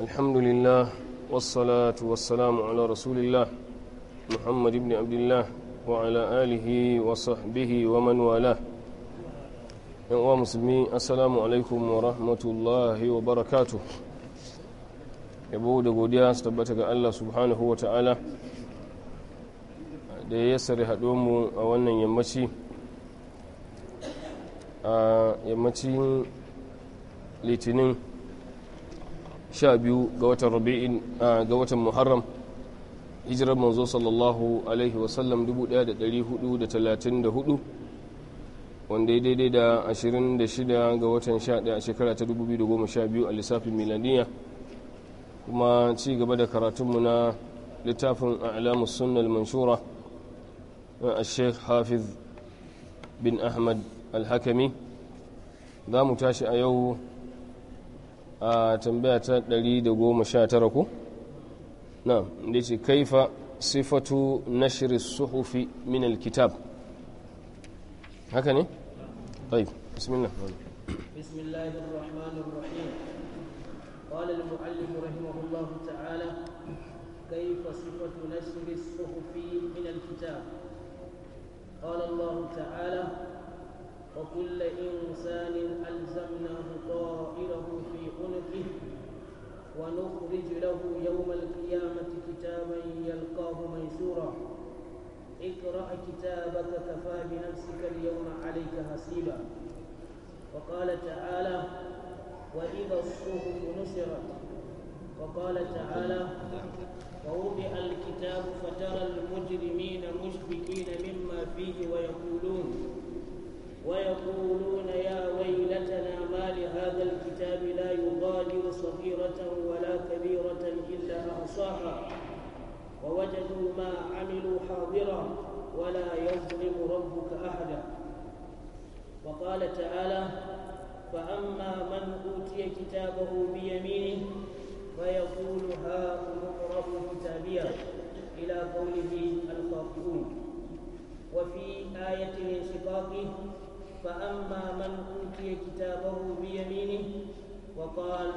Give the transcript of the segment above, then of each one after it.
الحمد لله والصلاة والسلام على رسول الله محمد بن عبد الله وعلى آله وصحبه ومن والاه يا مسلمين السلام عليكم ورحمة الله وبركاته yabo da godiya su tabbata ga Allah subhanahu wa ta'ala da ya yassare mu a wannan yammaci a yammacin litinin sha biyu ga watan rabi'in ga watan muharram hijirar manzo sallallahu alaihi wasallam 1434 wanda ya daidai da 26 ga watan 11 a shekara ta 2012 a lissafin milaniya kuma ci gaba da karatunmu na littafin alamus sunnal manshura na sheikh hafiz bin ahmad alhakami za mu tashi a yau a tambaya ta 119 ku na da ce kaifa sifatu na suhufi min alkitab haka ne? ɗai bismillah bismillahirrahmanirrahim ƙwallon mu'allin rahimahullahu ta'ala kaifa sifatu na suhufi min alkitab ƙwallon mu'allin وكل إنسان ألزمناه طائره في عنقه ونخرج له يوم القيامة كتابا يلقاه منشورا اقرأ كتابك كفى بنفسك اليوم عليك حسيبا وقال تعالى وإذا الصحف نشرت وقال تعالى ووضع الكتاب فترى المجرمين مشبكين مما فيه ويقولون ويقولون يا ويلتنا ما لهذا الكتاب لا يغادر صغيرة ولا كبيرة إلا أحصاها ووجدوا ما عملوا حاضرا ولا يظلم ربك أحدا وقال تعالى فأما من أوتي كتابه بيمينه فيقول هاؤم اقرأوا كتابيه إلى قوله الخاطئون وفي آية الانشقاق فأما من أوتي كتابه بيمينه وقال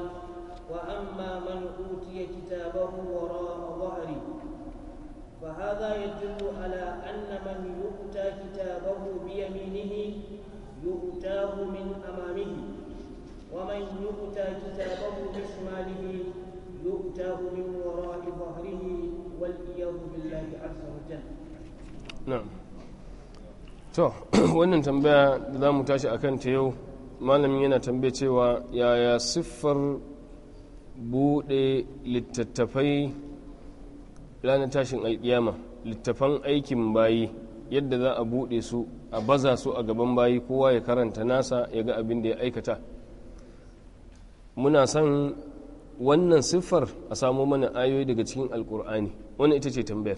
وأما من أوتي كتابه وراء ظهري فهذا يدل على أن من يؤتى كتابه بيمينه يؤتاه من أمامه ومن يؤتى كتابه بشماله يؤتاه من وراء ظهره والعياذ بالله عز وجل نعم to wannan tambaya da za mu tashi a ta yau malamin yana tambaye cewa yaya siffar buɗe littattafai ranar tashin alkiyama littafan aikin bayi yadda za a buɗe su a baza su a gaban bayi kowa ya karanta nasa ya ga abin da ya aikata muna son wannan siffar a samo mana ayoyi daga cikin alkur'ani wannan ita ce tambayar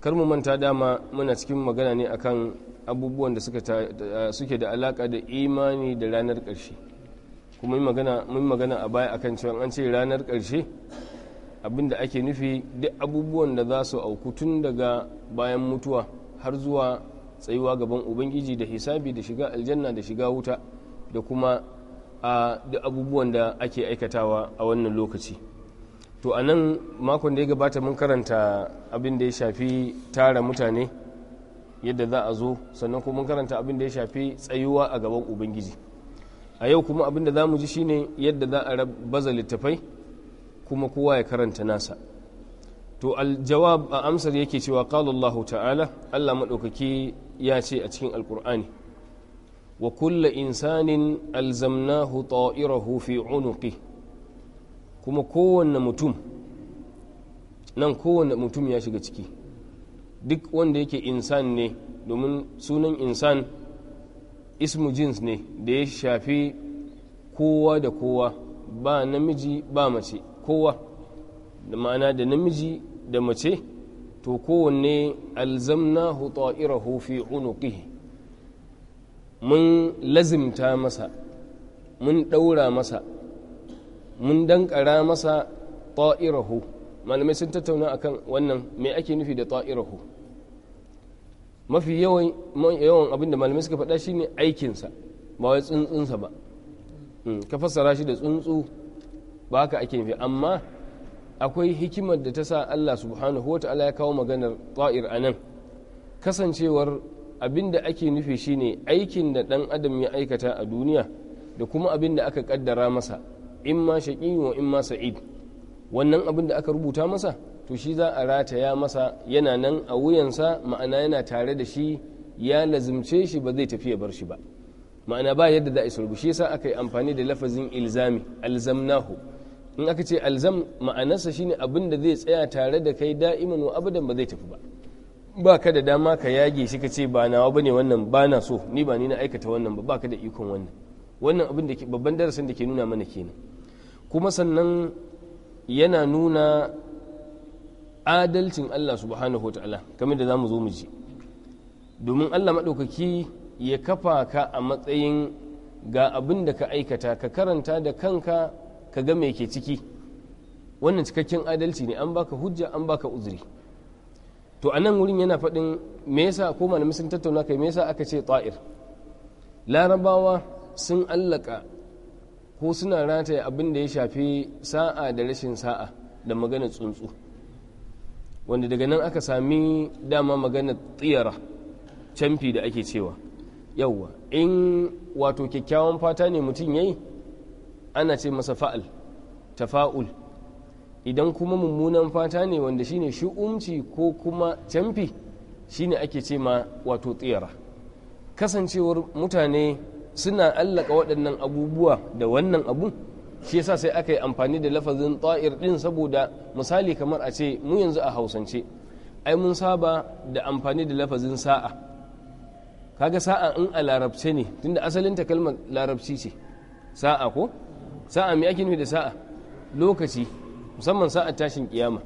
kar mu manta dama muna cikin magana ne akan abubuwan da suke da alaka da imani da ranar ƙarshe kuma mun magana a baya akan cewa an ce ranar ƙarshe abinda ake nufi duk abubuwan da za su auku tun daga bayan mutuwa har zuwa tsayuwa gaban ubangiji da hisabi da shiga aljanna da shiga wuta da kuma a duk abubuwan da ake aikatawa a wannan lokaci to a nan makon da ya gabata mun karanta abin da ya shafi tara mutane yadda za a zo sannan kuma karanta abin da ya shafi tsayuwa a gaban ubangiji a yau kuma abin da za mu ji shine yadda za a baza littafai kuma kowa ya karanta nasa to aljawab a amsar yake cewa qala ta'ala Allah madaukaki ya ce a cikin alkur'ani wa kulla insanin alzamnahu ta'irahu fi unuqi kuma kowanne mutum nan kowanne mutum ya shiga ciki duk wanda yake insan ne domin sunan insan ismu jins ne da ya shafi kowa da kowa ba namiji ba mace kowa da ma'ana da namiji da mace to kowanne alzamnahu ta'irahu fi unuqihi mun lazimta masa mun ɗaura masa mun dankara masa ta'irahu malamai sun tattauna akan wannan mai ake nufi da ta'irahu mafi yawan yawan abin da malamai suka faɗa shine aikinsa ba wai tsuntsunsa ba hmm, ka fassara shi da tsuntsu ba haka ake nufi amma akwai hikimar da ta sa Allah subhanahu wa ta'ala ya kawo maganar ta'ir a nan kasancewar abin da ake nufi shine aikin da ɗan adam ya aikata a duniya da kuma abin da aka kaddara masa in ma shaƙi wa in ma sa'id wannan abin da aka rubuta masa to shi za a rata ya masa yana nan a wuyansa ma'ana yana tare da shi ya lazimce shi ba zai tafi ya bar shi ba ma'ana ba yadda za a sulbu shi yasa aka yi amfani da lafazin ilzami alzamnahu in aka ce alzam ma'anarsa shine abin da zai tsaya tare da kai da'iman wa abadan ba zai tafi ba ba ka da dama ka yage shi ka ce ba nawa bane wannan ba na so ni ba ni na aikata wannan ba ba ka da ikon wannan wannan abin da babban darasin da ke nuna mana kenan kuma sannan yana nuna adalcin Allah subhanahu ta'ala kamar da za mu zo mu ji domin Allah maɗaukaki ya kafa ka a matsayin ga abin da ka aikata ka karanta da kanka ka ga me ke ciki wannan cikakken adalci ne an baka hujja an baka uzuri to a nan wurin yana faɗin me yasa ko malami sun tattauna kai me yasa aka ce ta'ir larabawa sun allaka ko suna rataye abin da ya shafi sa'a da rashin sa'a da maganar tsuntsu wanda daga nan aka sami dama magana tsiyara canfi da ake cewa yauwa in wato kyakkyawan fata ne mutum yayi ana ce masa fa'al tafa'ul idan kuma mummunan fata ne wanda shine shu'umci ko kuma camfi shine ake ce ma wato tsiyara kasancewar mutane suna allaka waɗannan abubuwa da wannan abun shi yasa sai aka yi amfani da lafazin ta'ir din saboda misali kamar a ce mu yanzu a hausance ai mun saba da amfani da lafazin sa'a kaga sa'a in a larabce ne tunda asalin ta kalmar larabci ce sa'a ko sa'a me ake nufi da sa'a lokaci musamman sa'a tashin kiyama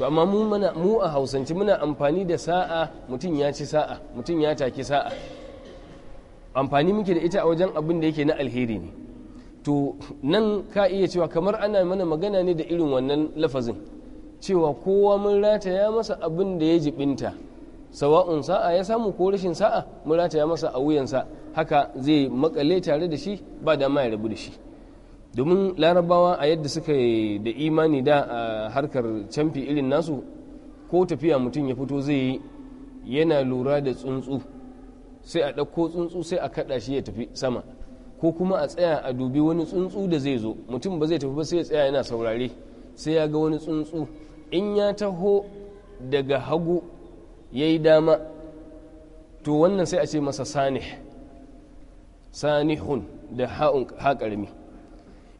to amma mu mana mu a hausance muna amfani da sa'a mutum ya ci sa'a mutum ya take sa'a amfani muke da ita a wajen abin da yake na alheri ne to nan ka iya cewa kamar ana mana magana ne da irin wannan lafazin cewa kowa mun rataya masa abin da ya jibinta sawa'un sa'a ya samu ko rashin sa'a mun rataya masa a wuyansa haka zai makale tare da shi ba da ma ya rabu da shi domin larabawa a yadda suka yi da imani da a harkar camfi irin nasu ko tafiya mutum ya fito zai yi yana lura da tsuntsu sai a ɗauko tsuntsu sai a kaɗa shi ya tafi sama ko kuma a tsaya a dubi wani tsuntsu da zai zo mutum ba zai tafi ba sai ya tsaya yana saurare sai ya ga wani tsuntsu in ya taho daga hagu ya yi dama to wannan sai a ce masa sanih sanihun da haƙarmi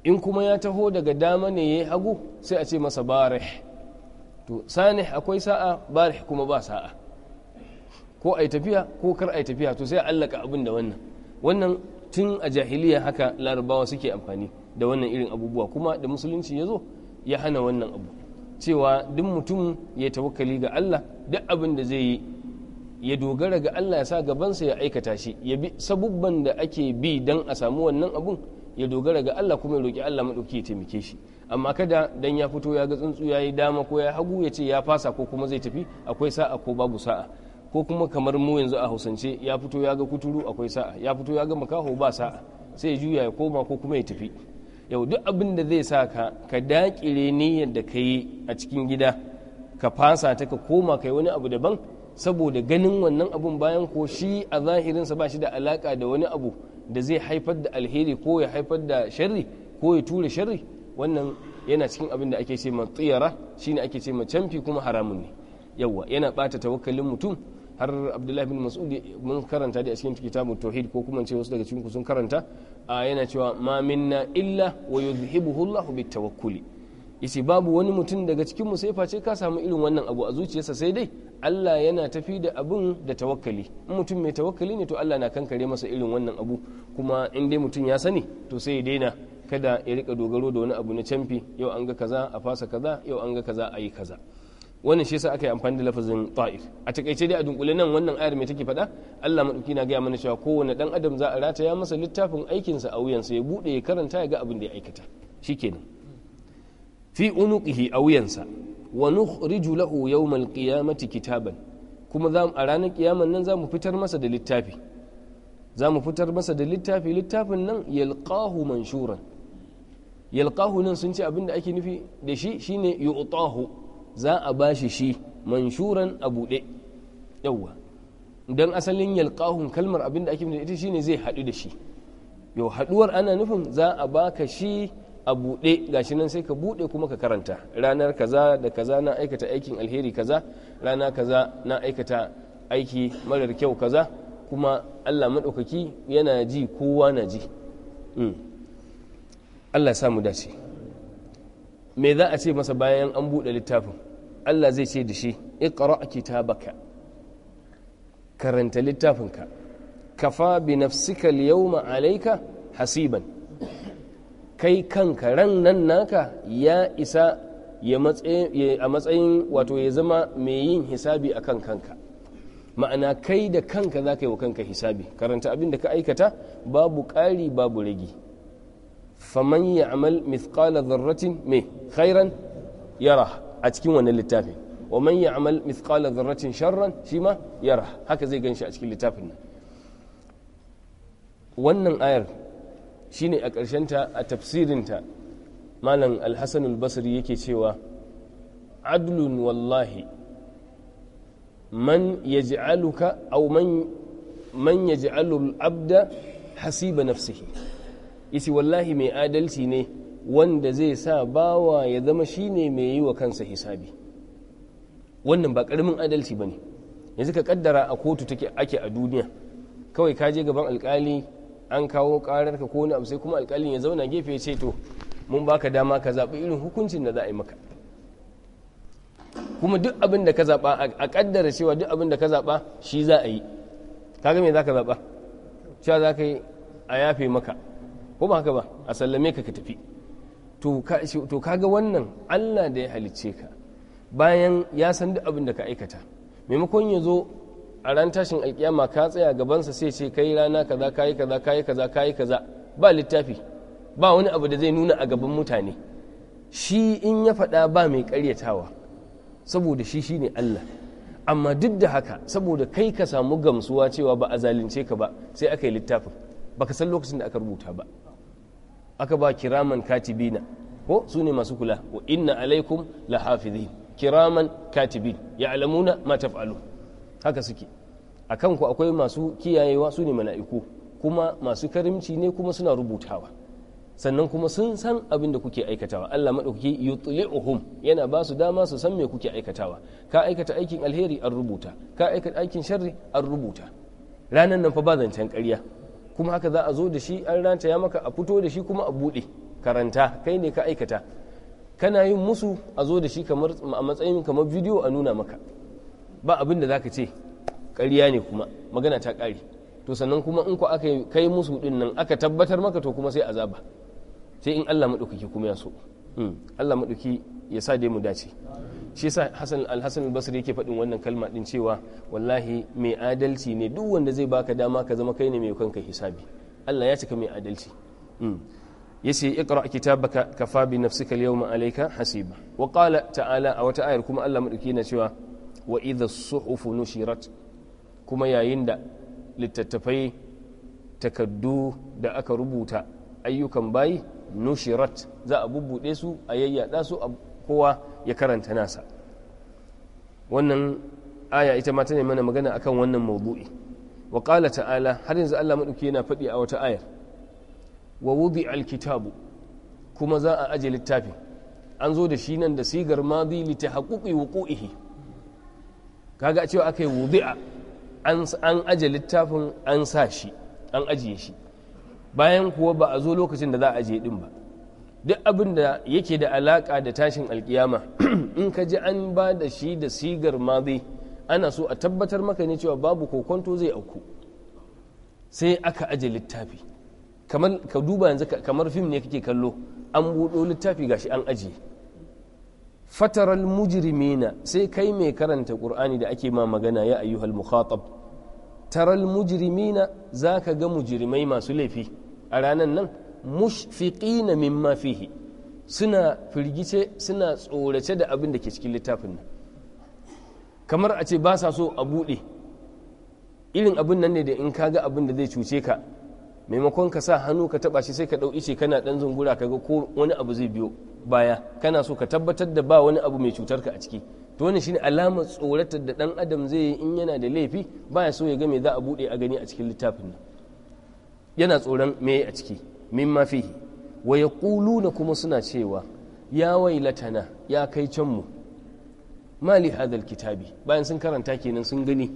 in kuma ya taho daga dama ne ya yi hagu sai a ce masa barih to sanih akwai sa'a barih kuma ba sa'a ko a yi tafiya ko kar a yi tafiya to sai a allaka abin da wannan wannan tun a jahiliya haka larabawa suke amfani da wannan irin abubuwa kuma da musulunci ya zo ya hana wannan abu cewa duk mutum ya tawakkali ga Allah duk abin da zai yi ya dogara ga Allah ya sa gabansa ya aikata shi ya bi sabubban da ake bi don a samu wannan abun ya dogara ga Allah kuma ya roki Allah maɗauki ya taimake shi amma kada dan ya fito ya ga tsuntsu ya yi dama ko ya hagu ya ce ya fasa ko kuma zai tafi akwai sa'a ko babu sa'a ko kuma kamar mu yanzu a hausance ya fito ya ga kuturu akwai sa'a ya fito ya ga makaho ba sa'a sai ya juya ya koma ko kuma ya tafi yau duk abin da zai sa ka ka dakire niyyar da ka yi a cikin gida ka fasa ta ka koma kai wani abu daban saboda ganin wannan abun bayan ko shi a zahirinsa ba shi da alaka da wani abu da zai haifar da alheri ko ya haifar da sharri ko ya tura sharri wannan yana cikin abin da ake ce ma tsiyara shine ake ce ma camfi kuma haramun ne yawa yana bata tawakkalin mutum har abdullahi bin mas'ud mun karanta da a cikin kitabun tauhid ko kuma ce wasu daga cikin sun karanta a yana cewa ma minna illa wa yuzhibuhu Allah tawakkuli yace babu wani mutum daga cikin mu sai face ka samu irin wannan abu a zuciyarsa sai dai Allah yana tafi da abun da tawakkali in mutum mai tawakkali ne to Allah na kankare masa irin wannan abu kuma in dai mutum ya sani to sai ya daina kada ya rika dogaro da wani abu na camfi yau an ga kaza a fasa kaza yau an ga kaza a yi kaza wannan shi yasa aka yi amfani da lafazin ta'if a takaice dai a dunkule nan wannan ayar mai take faɗa Allah madauki na gaya mana cewa kowane dan adam za a ya masa littafin aikinsa a wuyansa ya bude ya karanta ya ga abin da ya aikata shikenan fi unuqihi a wuyansa wa nukhriju lahu yawmal qiyamati kitaban kuma za a ranar kiyaman nan za mu fitar masa da littafi za mu fitar masa da littafi littafin nan yalqahu manshuran yalqahu nan sun ce abin da ake nufi da shi shine yu'tahu za a ba shi manshuran a buɗe yawwa don asalin yalƙahun kalmar abin da ake da ita shine zai haɗu da shi yau haɗuwar ana nufin za a baka shi a buɗe gashi nan sai ka buɗe kuma ka karanta ranar kaza da kaza na aikata aikin alheri kaza rana kaza na aikata aiki marar kyau kaza kuma allah maɗaukaki yana ji kowa na ji hmm. Allah samu dace me za a ce masa bayan an buɗe littafin Allah zai ce da shi ba ka' karanta littafinka kafa bi nafsika al-yawma alaika? hasiban kai kanka ran nan naka ya isa a matsayin wato ya zama mai yin hisabi akan kanka ma'ana kai da kanka za ka yi wa kanka hisabi karanta abin da ka aikata babu ƙari babu ragi faman ya'mal mithqala dharratin me khairan yara a cikin wannan littafin wa man ya'mal mithqala dharratin sharran shi ma yara haka zai ganshi a cikin littafin nan wannan ayar shine a ƙarshen ta a tafsirin ta malam alhassan albasri yake cewa adlun wallahi man yaj'aluka aw man man yaj'alu al-abda hasiba nafsihi isi wallahi mai adalci ne wanda zai sa bawa ya zama shi ne mai yi wa kansa hisabi wannan ba karamin adalci ba ne yanzu ka kaddara a kotu take ake a duniya kawai ka je gaban alkali an kawo karar ka ko wani abu sai kuma alkalin ya zauna gefe ce to mun baka dama ka zaɓi irin hukuncin da za a yi maka kuma duk abin da ka zaɓa a ƙaddara cewa duk abin da ka zaɓa shi za a yi kaga me za ka zaɓa cewa za ka yi a yafe maka ko ba haka ba a sallame ka ka tafi to ka ga wannan allah da ya halicce ka bayan ya san duk abin da ka aikata maimakon ya zo a ran tashin alkiyama ka tsaya gabansa sai ce kai rana kaza kayi kaza kayi kaza kayi kaza ba littafi ba wani abu da zai nuna a gaban mutane shi in ya faɗa ba mai karyatawa saboda shi shine allah amma duk da haka saboda kai ka samu gamsuwa cewa ba a zalunce ka ba sai aka yi littafin baka san lokacin da aka rubuta ba aka ba kiraman katibina ko su ne masu kula wa inna alaikum la hafizin kiraman katibin alamuna ma taf'alun haka suke a kanku akwai masu kiyayewa su ne mala'iku kuma masu karimci ne kuma suna rubutawa sannan kuma sun san abin da kuke aikatawa Allah maɗauki yutli'uhum yana ba su dama su san me kuke aikatawa ka aikata aikin alheri an rubuta ka aikata aikin sharri an rubuta ranan nan fa ba zancen ƙarya kuma haka za a zo da shi an ranta ya maka a fito da shi kuma a buɗe karanta kai ne ka aikata kana yin musu a zo da shi kamar a matsayin kamar bidiyo a nuna maka ba abin da ka ce ƙarya ne kuma magana ta ƙari to sannan kuma in ku aka kai musu din nan aka tabbatar maka to kuma sai azaba sai in Allah maɗaukaki kuma ya so hmm, Allah maɗauki ya sa dai mu dace shi yasa Hassan al-Hassan al-Basri yake faɗin wannan kalma din cewa wallahi mai adalci ne duk wanda zai baka dama ka zama kai ne mai kanka hisabi Allah ya cika mai adalci mm. yace iqra kitabaka kafa bi nafsika al-yawma alayka hasiba wa qala ta'ala a wata ayar kuma Allah madauki na cewa wa idha suhufu nushirat kuma yayin da littattafai takaddu da aka rubuta ayyukan bayi nushirat za a bubbude su a yayyada su kowa ya karanta nasa wannan aya ita ma tana mana magana akan wannan mawdu'i wa qala ta'ala har yanzu Allah madauki yana faɗi a wata ayar wa wudi alkitabu kuma za a aje littafin an zo da shi nan da sigar madi li tahaqquqi wuqu'ihi kaga a cewa akai wudi'a an an aje littafin an sa shi an ajiye shi bayan kuwa ba a zo lokacin da za a ajiye din ba duk abin da yake da alaƙa da tashin alkiyama in ka ji an ba da shi da sigar mazi ana so a tabbatar maka ne cewa babu kokonto zai auku sai aka aje littafi kamar ka duba yanzu kamar fim ne kake kallo an buɗo littafi gashi an ajiye fataral mujrimina sai kai mai karanta qur'ani da ake ma magana ya ayyuhal mukhatab taral mujrimina zaka ga mujrimai masu laifi a ranan nan mushfiqina mimma fihi suna firgice suna tsorace da abin da ke cikin littafin nan kamar a ce ba sa so a buɗe irin abin nan ne da in ka ga abin da zai cuce ka maimakon ka sa hannu ka taba shi sai ka dau ice kana dan zungura kaga ko wani abu zai biyo baya kana so ka tabbatar da ba wani abu mai cutar ka a ciki to wannan shine alamar tsoratar da dan adam zai yi in yana da laifi baya so ya ga me za a bude a gani a cikin littafin nan yana tsoron me a ciki mimma fihi wa kuluna kuma suna cewa ya wailatana ya kai can mu mali hadal kitabi bayan sun karanta kenan sun gani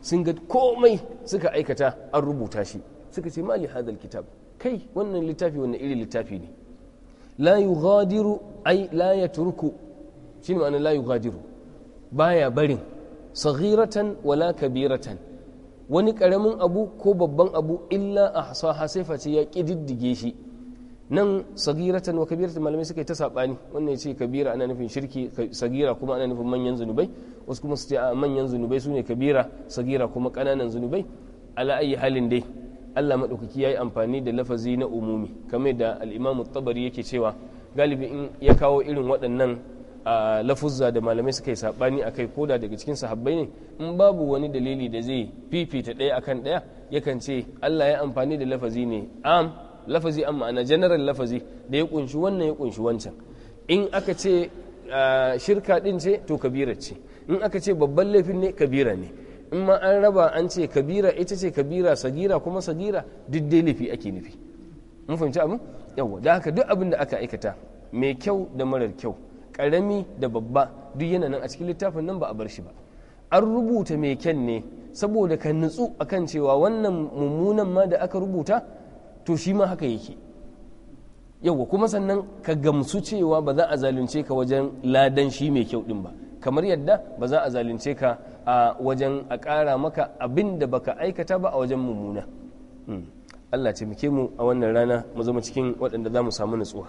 sun ga komai suka aikata an rubuta shi suka ce mali hadal kitab kai wannan littafi wannan irin littafi ne la yughadiru ai la yatruku shine ma'ana la yughadiru baya barin saghiratan wala kabiratan wani karamin abu ko babban abu illa a saha sai face ya kididdige shi nan sagiratan wa kabiratan malamai suka yi ta saɓani wannan ya ce kabira ana nufin shirki sagira kuma ana nufin manyan zunubai wasu kuma su ce a manyan zunubai sune kabira sagira kuma kananan zunubai ala ayi halin dai allah maɗaukaki ya yi amfani da lafazi na umumi kamar da al'imamu tabari yake cewa galibi in ya kawo irin waɗannan lafuzza da malamai suka yi sabani ko koda daga cikin sahabbai ne in babu wani dalili da zai fifita ɗaya akan ɗaya yakan ce Allah ya amfani da lafazi ne am lafazi an ma'ana general lafazi da ya kunshi wannan ya kunshi wancan in aka ce shirka din ce to kabira ce in aka ce babban laifin ne kabira ne in ma an raba an ce kabira ita ce kabira sagira kuma sagira duk dai laifi ake nufi mun fahimci abin yawa da haka duk abin da aka aikata mai kyau da marar kyau karami da babba duk yana nan a cikin littafin nan ba a bar shi ba an rubuta mai kyan ne saboda ka nutsu a kan cewa wannan mummunan ma da aka rubuta to shi ma haka yake yauwa kuma sannan ka gamsu cewa ba za a zalunce ka wajen ladan shi mai kyau din ba kamar yadda ba za a zalunce ka a wajen a kara maka abin da baka aikata ba a wajen mummuna hmm. Allah taimake mu a wannan rana mu zama cikin waɗanda za mu samu nutsuwa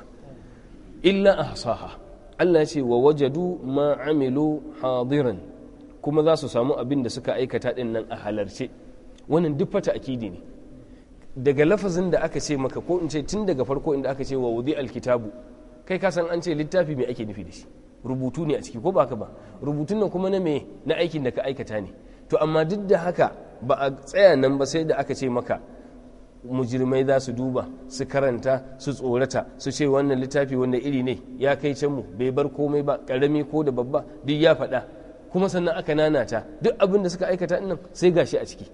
illa a hasaha. Allah ce wa wajadu ma amilu hadiran kuma za su samu abin da suka aikata din nan a halarce wannan duk fata akidi ne daga lafazin da aka ce maka ko in ce tun daga farko inda aka ce wa wudi alkitabu kai ka san an ce littafi mai ake nufi da shi rubutu ne a ciki ko ba haka ba rubutun nan kuma na me na aikin da ka aikata ne to amma duk da haka ba a tsaya nan ba sai da aka ce maka mujirmai za su duba su karanta su tsorata su ce wannan littafi wanda iri ne ya kai can mu bai bar komai ba karami ko da babba duk ya faɗa kuma sannan aka nanata duk abin da suka aikata nan sai gashi a ciki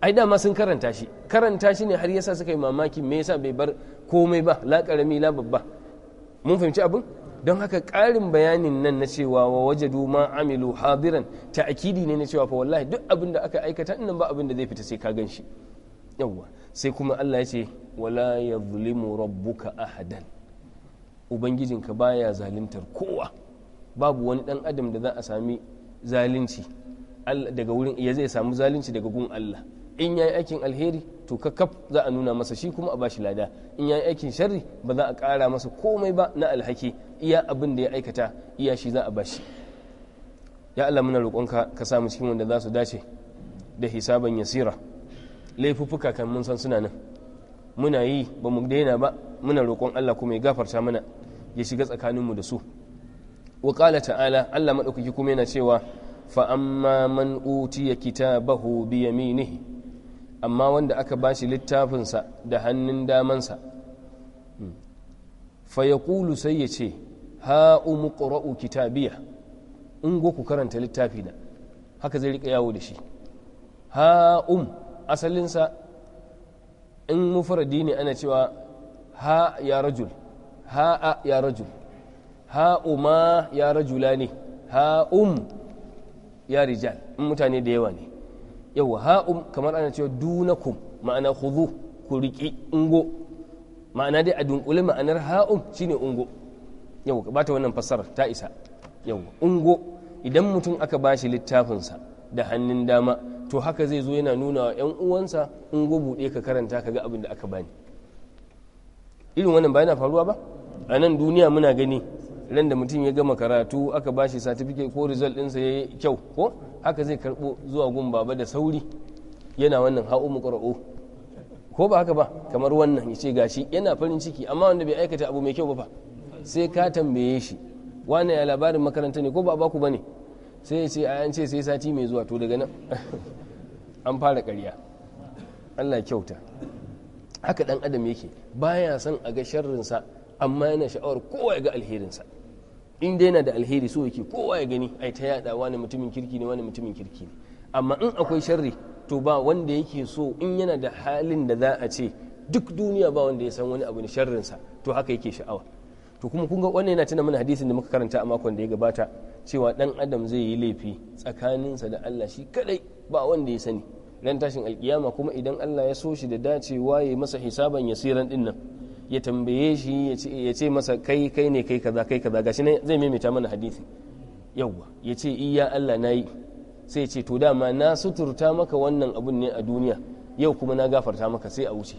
ai dama sun karanta shi karanta shi ne har yasa suka yi mamaki me yasa bai bar komai ba la karami la babba mun fahimci abin don haka ƙarin bayanin nan na cewa wa wajadu ma amilu hadiran ta'kidi ne na cewa fa wallahi duk abin da aka aikata nan ba abin da zai fita sai ka gan shi yawwa sai kuma Allah ya ce wala zulimu rabbuka ahadan ubangijinka baya zaluntar kowa babu wani dan adam da za a sami zalunci daga wurin ya zai samu zalunci daga gun Allah in yayi aikin alheri to kakaf za a nuna masa shi kuma a bashi lada in ya yi aikin sharri ba za a kara masa komai ba na alhaki iya abin da ya aikata iya shi za a bashi ya Allah muna roƙonka ka samu cikin wanda za su dace da hisaban yasira laifuffuka kan mun san suna nan muna yi ba mu daina ba muna roƙon Allah kuma ya gafarta mana ya shiga tsakaninmu da su wa qala ta'ala Allah madaukaki kuma yana cewa fa amma man utiya kitabahu bi yaminihi amma wanda aka bashi littafinsa da hannun damansa hmm. fa yaqulu sai ya ce ha umqra'u kitabiya in go ku karanta littafina haka zai rika yawo da shi ha um asalinsa in mufaradi ne ana cewa ha ya rajul ha a ya rajul ha uma ya rajula ne ha um ya rijal in mutane da yawa ne yawa ha um kamar ana cewa dunakum ma'ana khudhu ku riƙi ungo ma'ana dai a dunkule ma'anar ha um shine ungo yawa ba ta wannan fassarar ta isa yawa ungo idan mutum aka bashi littafinsa da hannun dama to haka zai zo yana nuna wa 'yan uwansa in go buɗe ka karanta ka ga abin da aka bani irin wannan ba faruwa ba a nan duniya muna gani ran da mutum ya gama karatu aka ba shi certificate ko result ɗinsa ya yi kyau ko haka zai karɓo zuwa gun baba da sauri yana wannan ha'o muƙara'o ko ba haka ba kamar wannan ya ce gashi yana farin ciki amma wanda bai aikata abu mai kyau ba fa sai ka tambaye shi wannan ya labarin makaranta ne ko ba baku ba ne sai ya ce a yance sai sati mai zuwa to daga nan an fara ƙarya allah kyauta haka ɗan adam yake baya son a ga sharrinsa amma yana sha'awar kowa ya ga alherinsa in dai yana da alheri so yake kowa ya gani ai ta yada wani mutumin kirki ne wani mutumin kirki ne amma in akwai sharri to ba wanda yake so in yana da halin da za a ce duk duniya ba wanda ya san wani abu ne sharrinsa to haka yake sha'awa to kuma kun ga wannan yana tana mana hadisin da muka karanta a makon da ya gabata cewa dan adam zai yi laifi tsakaninsa da Allah shi kadai ba wanda ya sani ran tashin alkiyama kuma idan Allah ya so shi da dacewa ya masa hisaban yasiran din nan ya tambaye shi ya ce masa kai kai ne kai kaza kai kaza gashi ne zai maimaita mana hadisi yawwa ya ce iya Allah na yi sai ce to dama na suturta maka wannan abun ne a duniya yau kuma na gafarta maka sai a wuce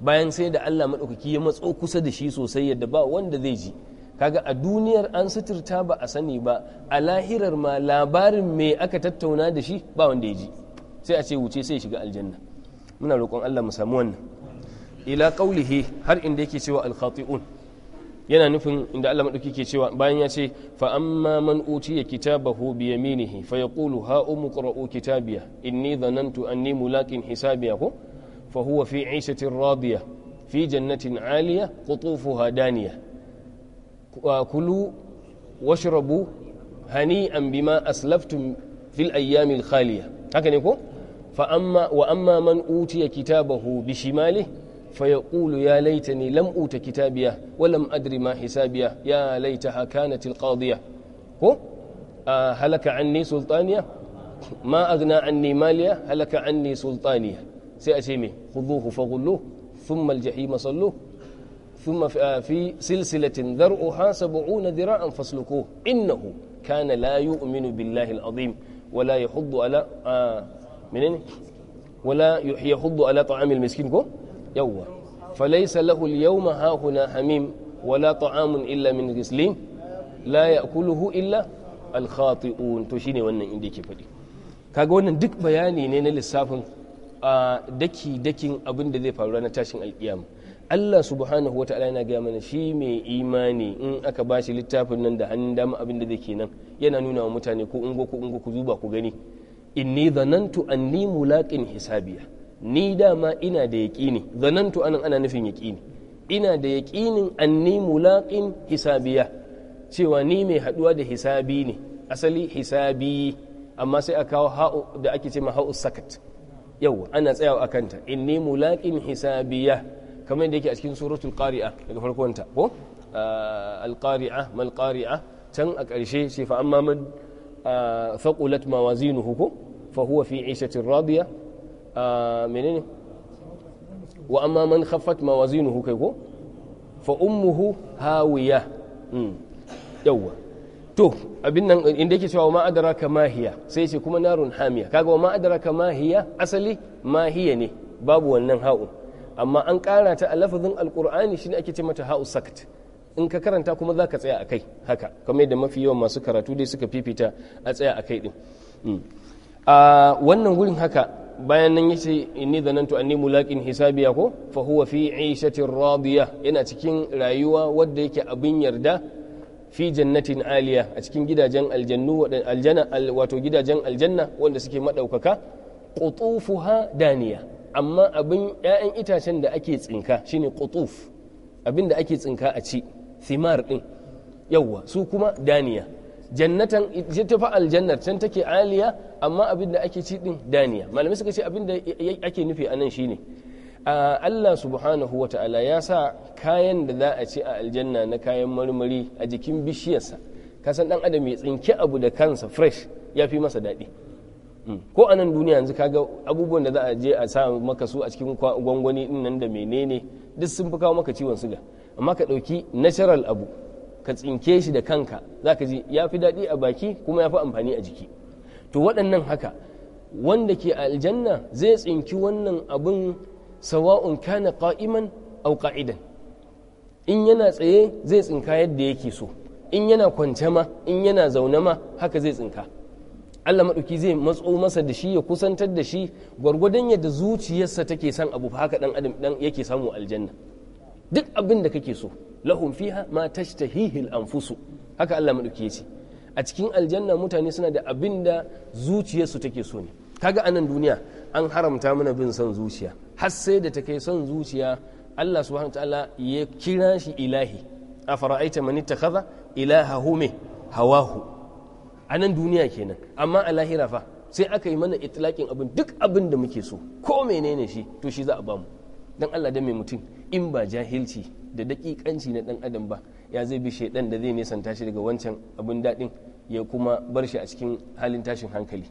bayan sai da Allah maɗaukaki ya matso kusa da shi sosai yadda ba wanda zai ji kaga a duniyar an suturta ba a sani ba a lahirar ma labarin me aka tattauna da shi ba wanda ya ji sai a ce wuce sai shiga aljanna muna roƙon Allah mu samu wannan ila qaulihi har inda yake cewa al-khati'un yana nufin inda Allah madauki ke cewa bayan ya ce fa amma man utiya kitabahu bi yaminihi fa yaqulu ha umqra'u kitabiya inni dhanantu anni mulaqin hisabiya ko fa huwa fi 'ishatin radiyah fi jannatin aliya qutufuha daniyah وكلوا واشربوا هنيئا بما أسلفتم في الأيام الخالية هكذا يقول فأما وأما من أوتي كتابه بشماله فيقول يا ليتني لم أوت كتابيه ولم أدر ما حسابيه يا ليتها كانت القاضية هو آه هلك عني سلطانية ما أغنى عني مالية هلك عني سلطانية سيأتي خذوه فغلوه ثم الجحيم صلوه ثم في سلسلة ذرعها سبعون ذراعا فاسلكوه إنه كان لا يؤمن بالله العظيم ولا يحض على آه منين ولا يحض على طعام المسكين كو يوا فليس له اليوم ها هنا حميم ولا طعام إلا من غسلين لا يأكله إلا الخاطئون تشيني وانا انديكي فدي kaga wannan duk bayani ne na lissafin a daki dakin abin da zai faru ranar tashin alkiyama Allah subhanahu wata'ala yana gaya mana shi mai imani in aka bashi littafin nan da hannun dama abin da zai nan yana nuna wa mutane ko ungo ko ungo ku zuba ku gani inni zanantu anni mulaqin hisabiya ni dama ina da yaqini zanantu anan ana nufin yaqini ina da yaqinin anni mulaqin hisabiya cewa ni mai haduwa da hisabi ne asali hisabi amma sai a kawo ha'u da ake ce ma ha'u sakat yau ana tsayawa akanta inni mulaqin hisabiya kamar yadda yake a cikin suratul qari'a daga farkonta ko ah, al-qari'a mal qari'a can a ƙarshe ce fa amma man ah, thaqulat mawazinuhu ko fa huwa fi 'ishatin radiya ah, menene wa amma man khaffat mawazinuhu kai ko fa ummuhu hawiya hmm. yawwa to abin nan inda yake cewa ma adraka ma hiya sai ce kuma narun hamiya kaga ma adraka ma hiya asali mahiya ne babu wannan ha'u. amma an ƙara ta a lafazin alƙur'ani shine ake ce mata ha'u sakt in ka karanta kuma za ka tsaya a kai haka kamar yadda mafi yawan masu karatu dai suka fifita a tsaya a kai din hmm. a wannan wurin haka bayan nan yace inni zanantu anni mulaqin hisabiya ko fa huwa fi 'ishatin radiya yana cikin rayuwa wadda yake abin yarda fi jannatin aliya a cikin gidajen aljannu wato gidajen aljanna wanda suke madaukaka qutufuha daniya amma abin 'ya'yan itacen da ake tsinka shine qutuf abin da ake tsinka a ci thimar din yawwa su kuma daniya jannatan ita fa aljannar can take aliya amma abin da ake ci din daniya malamai suka ce abin da ake nufi anan shine Allah subhanahu wa ta'ala ya sa kayan da za a ci a aljanna na kayan marmari a jikin bishiyarsa kasan dan adam ya tsinki abu da kansa fresh ya fi masa daɗi ko a nan duniya yanzu kaga abubuwan da za a je a sa maka su a cikin gwangwani din nan da menene duk sun fi kawo maka ciwon suga amma ka ɗauki natural abu ka tsinke shi da kanka zaka ji ya fi daɗi a baki kuma ya fi amfani a jiki to waɗannan haka wanda ke aljanna zai tsinki wannan abin sawa'un kana qa'iman aw qa'idan in yana tsaye zai tsinka yadda yake so in yana kwance ma in yana zaune ma haka zai tsinka Allah maɗauki zai matso masa da shi ya kusantar da shi gwargwadon yadda zuciyarsa take son abu fa haka ɗan adam dan yake samu aljanna duk abin da kake so lahum fiha ma tashtahihi al-anfusu haka Allah maɗauki ya ce a cikin aljanna mutane suna da abin da zuciyarsu take so ne kaga anan duniya an haramta mana bin son zuciya har sai da ta son zuciya Allah subhanahu ta'ala ya kira shi ilahi afara'aita man ittakhadha ilahahu me hawahu a nan duniya kenan amma a lahira fa sai aka yi mana itilakin abin duk abin da muke so ko menene shi to shi za a bamu dan Allah da mai mutum in ba jahilci da dakikanci na dan adam ba ya zai bi shaidan da zai nisanta shi daga wancan abin dadin ya kuma bar shi a cikin halin tashin hankali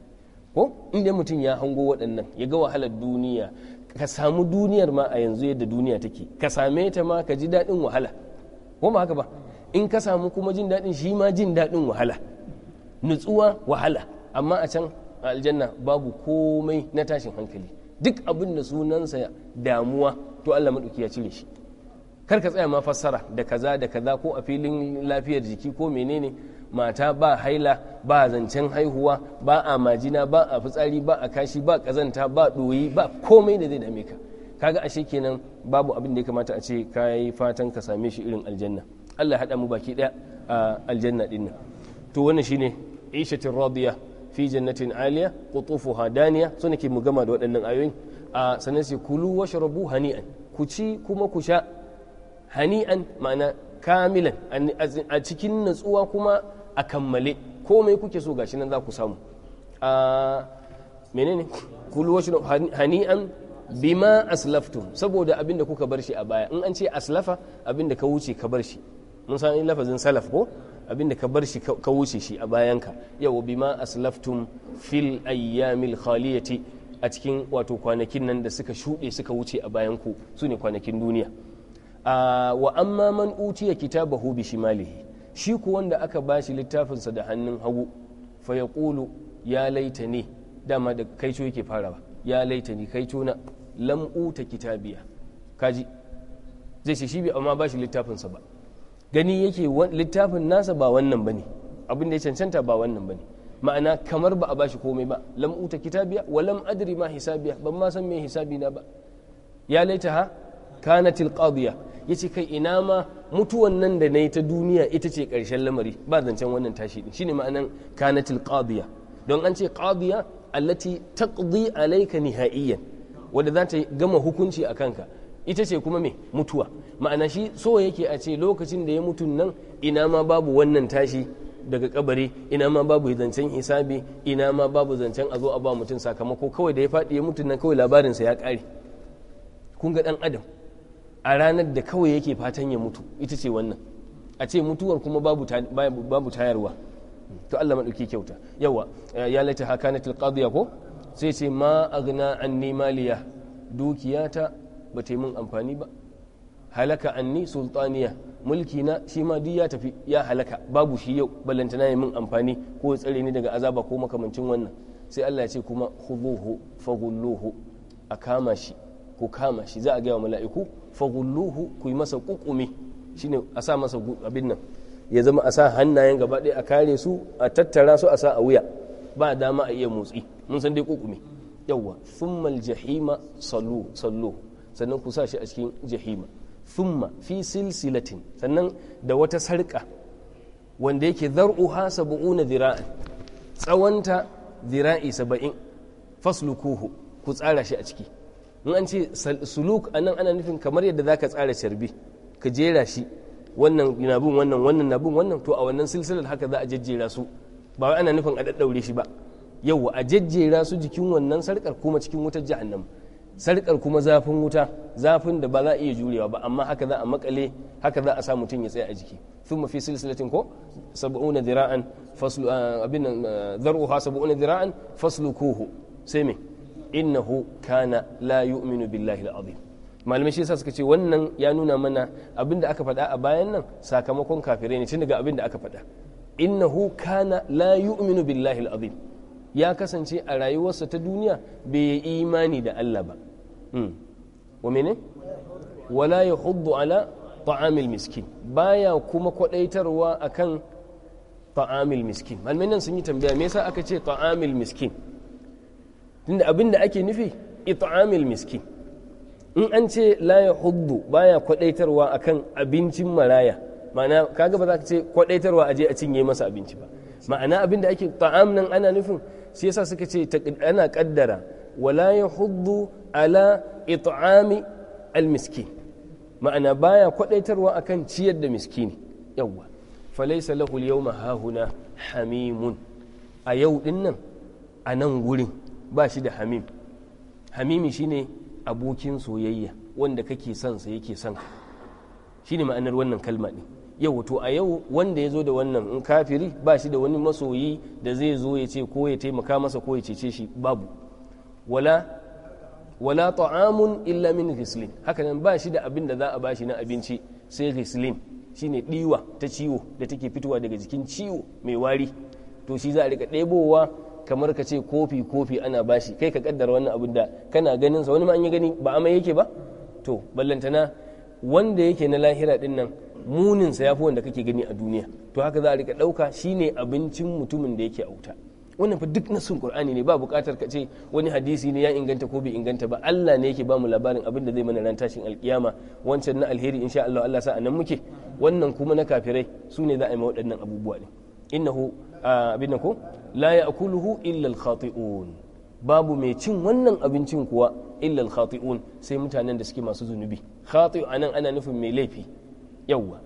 ko in dai mutum ya hango waɗannan ya ga wahalar duniya ka samu duniyar ma a yanzu yadda duniya take ka same ta ma ka ji dadin wahala ko ba haka ba in ka samu kuma jin dadin shi ma jin dadin wahala nutsuwa wahala amma a can a aljanna babu komai na tashin hankali duk abin da sunansa damuwa to Allah maɗauki ya cire shi kar ka tsaya ma fassara da kaza da kaza ko a filin lafiyar jiki ko menene mata ba haila ba zancen haihuwa ba a majina ba a fitsari ba a kashi ba kazanta ba ɗoyi ba komai da zai dame ka kaga ashe kenan babu abin da ya kamata a ce ka yi fatan ka same shi irin aljanna Allah haɗa mu baki ɗaya a aljanna ɗin nan to wannan shine ishatin radiya fi jannatin aliya qutufuha daniya so nake mu gama da waɗannan ayoyin a sanan sai kulu sharabu hani'an ku ci kuma ku sha hani'an ma'ana kamilan a cikin natsuwa kuma a kammale komai kuke so gashi nan za ku samu a menene kulu sharabu hani'an bima aslaftum saboda abin da kuka bar shi a baya in an ce aslafa abin da ka wuce ka bar shi mun san lafazin salaf ko abinda ka bar shi ka wuce shi a bayanka yau bima aslaftum fil ayyamil khaliyati a cikin wato kwanakin nan da suka shuɗe suka wuce a bayan ku su ne kwanakin duniya wa amma man utiya kitabahu bi shimalihi shi ku wanda aka bashi littafinsa da hannun hagu fa kulu ya laita ne dama da kaico yake farawa ya laita ne kaico na lam uta kitabiya kaji zai shi shi bi amma bashi littafinsa ba gani yake littafin nasa ba wannan bane abin da ya cancanta ba wannan bane ma'ana kamar ba a bashi komai ba lam uta kitabiya wa lam adri ma hisabiya ban ma san me hisabi na ba ya laita ha kanatil qadiya yace kai ina ma mutuwan nan da nayi ta duniya ita ce karshen lamari ba zancen wannan tashi din shine ma'anan kanatil qadiya don an ce qadiya allati taqdi alayka nihaiyan wanda za ta gama hukunci a kanka ita ce kuma me mutuwa ma'ana shi so yake a ce lokacin da ya mutu nan ina ma babu wannan tashi daga kabari ina ma babu zancen hisabi ina ma babu zancen a zo a ba mutum sakamako kawai da ya faɗi ya mutu nan kawai labarinsa ya ƙare kun ga ɗan adam a ranar da kawai yake fatan ya mutu ita ce wannan a ce mutuwar kuma babu tayarwa to Allah maɗauki kyauta yawa eh, ya laita haka na ya ko sai ce ma an anni maliya dukiyata ba ta yi min amfani ba halaka anni sultaniya mulki na shi ma duk ya tafi ya halaka babu shi yau ballantana ya min amfani ko ya tsare ni daga azaba ko makamancin wannan sai Allah ya ce kuma khuduhu faghulluhu a kama shi ku kama shi za a ga mala'iku faghulluhu ku yi masa kukumi shine a sa masa abin nan ya zama a sa hannayen gaba ɗaya a kare su a tattara su a sa a wuya ba dama a iya motsi mun san dai kukumi yawwa thumma aljahima sallu sallu sannan ku sa shi a cikin jahima thumma fi silsilatin sannan da wata sarƙa wanda yake zar'uha sab'una zira'an tsawanta zira'i saba'in faslukuhu ku tsara shi a ciki in an ce suluk anan ana nufin kamar yadda zaka tsara sharbi ka jera shi wannan na bin wannan wannan na bin wannan to a wannan silsilar haka za a jejjera su ba wai ana nufin a daddaure shi ba yau a jejjera su jikin wannan sarkar kuma cikin wutar jahannam sarƙar kuma zafin wuta zafin da ba za a iya jurewa ba amma haka za a makale haka za a sa mutum ya tsaya a jiki sun mafi silsilatin ko sab'una dira'an faslu ah, abin ah, zar'uha sab'una dira'an faslu kuhu sai me innahu kana la yu'minu billahi al malamai shi suka ce wannan ya nuna mana abin da aka faɗa a bayan nan sakamakon kafirai ne tun daga abin da aka faɗa innahu kana la yu'minu billahi al ya kasance a rayuwarsa ta duniya bai yi imani da Allah ba hmm. wa mene wala ya hudu ala ta'amil miskin baya kuma kwadaitarwa akan ta'amil miskin malamai nan sun yi tambaya me yasa aka ce ta'amil miskin tunda abinda ake nufi it'amil miskin in an ce la ya huddu baya kwadaitarwa akan abincin maraya ma'ana kaga ba za ka ce kwadaitarwa aje a cinye masa abinci ba ma'ana abinda ake ta'am nan ana nufin shi yasa suka ce ana kaddara wala yahuddu ala it'ami almiskin ma'ana baya kwadaitarwa akan ciyar da miskini yawwa falaisa lahu yawma hahuna hamimun a yau din nan a nan gurin ba shi da hamim hamimi shine abokin soyayya wanda kake son sa yake son ka shine ma'anar wannan kalma ne. yau to a yau wanda ya zo da wannan in kafiri ba shi da wani masoyi da zai zo ya ce ko ya taimaka masa ko ya cece shi babu wala wala ta'amun illa min ghislin hakanan ba shi da abin da za a bashi na abinci sai ghislin shine diwa ta ciwo da take fitowa daga jikin ciwo mai wari to shi za a rika ɗebowa kamar ka ce kofi kofi ana bashi kai ka kaddara wannan abin da kana ganin sa wani ma an yi gani ba amai yake ba to ballantana wanda yake na lahira din muninsa ya fi wanda kake gani a duniya to haka za a rika ɗauka shine abincin mutumin da yake auta wannan fa duk nasin qur'ani ne ba buƙatar ka ce wani hadisi ne ya inganta ko bai inganta ba Allah ne yake ba mu labarin abin da zai mana ran tashin alkiyama wancan na alheri insha Allah Allah sa anan muke wannan kuma na kafirai su ne za a yi ma waɗannan abubuwa ne innahu abin nan ko la ya'kuluhu illa al-khati'un babu mai cin wannan abincin kuwa illa al-khati'un sai mutanen da suke masu zunubi khati'u anan ana nufin mai laifi yawwa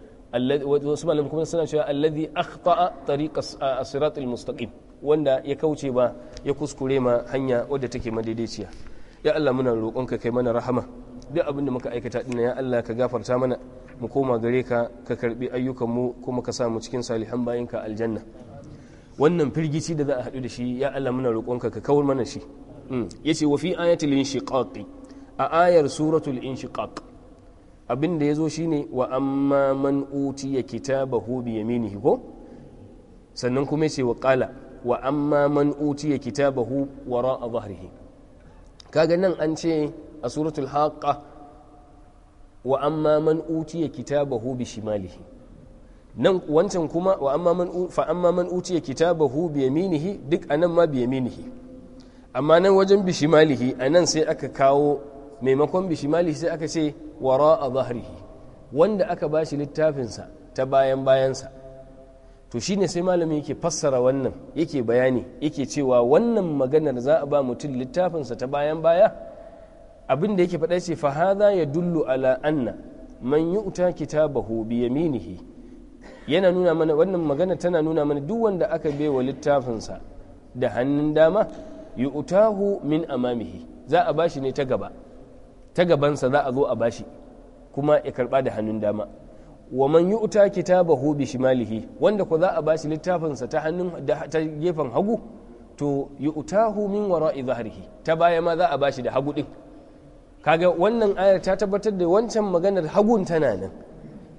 wasu malamai kuma suna cewa alladhi akhta'a tariq as al-mustaqim wanda ya kauce ba ya kuskure ma hanya wadda take madaidaiciya ya Allah muna roƙonka kai mana rahama duk abin da muka aikata dinnan ya Allah ka gafarta mana mu koma gare ka ka karbi ayyukan mu kuma ka sa mu cikin salihan bayinka aljanna wannan firgici da za a haɗu da shi ya Allah muna roƙonka ka kawar mana shi mm. yace wa fi ayatul inshiqaqi a ayar suratul inshiqaq abin da ya zo shi ne wa amma man ba kitabahu bi yaminihi ko sannan kuma ce wa kala wa amma man ba kitabahu wara a zahrihi kaga nan an ce a suratul haqqa wa amma man kita kitabahu bi shimalihi nan wancan kuma wa amma man fa amma man utiya kitabahu bi yaminihi duk anan ma bi yaminihi amma nan wajen bi shimalihi anan sai aka kawo maimakon bi shimalihi sai aka ce wara wara'a zahrihi wanda aka ba shi littafinsa ta bayan bayansa to shine sai malami yake fassara wannan yake bayani yake cewa wannan maganar za a ba mutum littafinsa ta bayan baya abin da yake faɗa ce fa za ya ala anna man yu'ta kitabahu bi yaminihi yana nuna mana wannan magana tana nuna mana duk wanda aka bai wa littafinsa da hannun dama yu'tahu min amamihi za a ba shi ne ta gaba ta gabansa za a zo a bashi kuma ya karba da hannun dama wa man yu'ta kitabahu bi shimalihi wanda ko za a bashi sa ta hannun ta gefen hagu to yu'tahu min wara'i zahrihi ta baya ma za a bashi da hagu din kaga wannan ayar ta tabbatar da wancan maganar hagun tana nan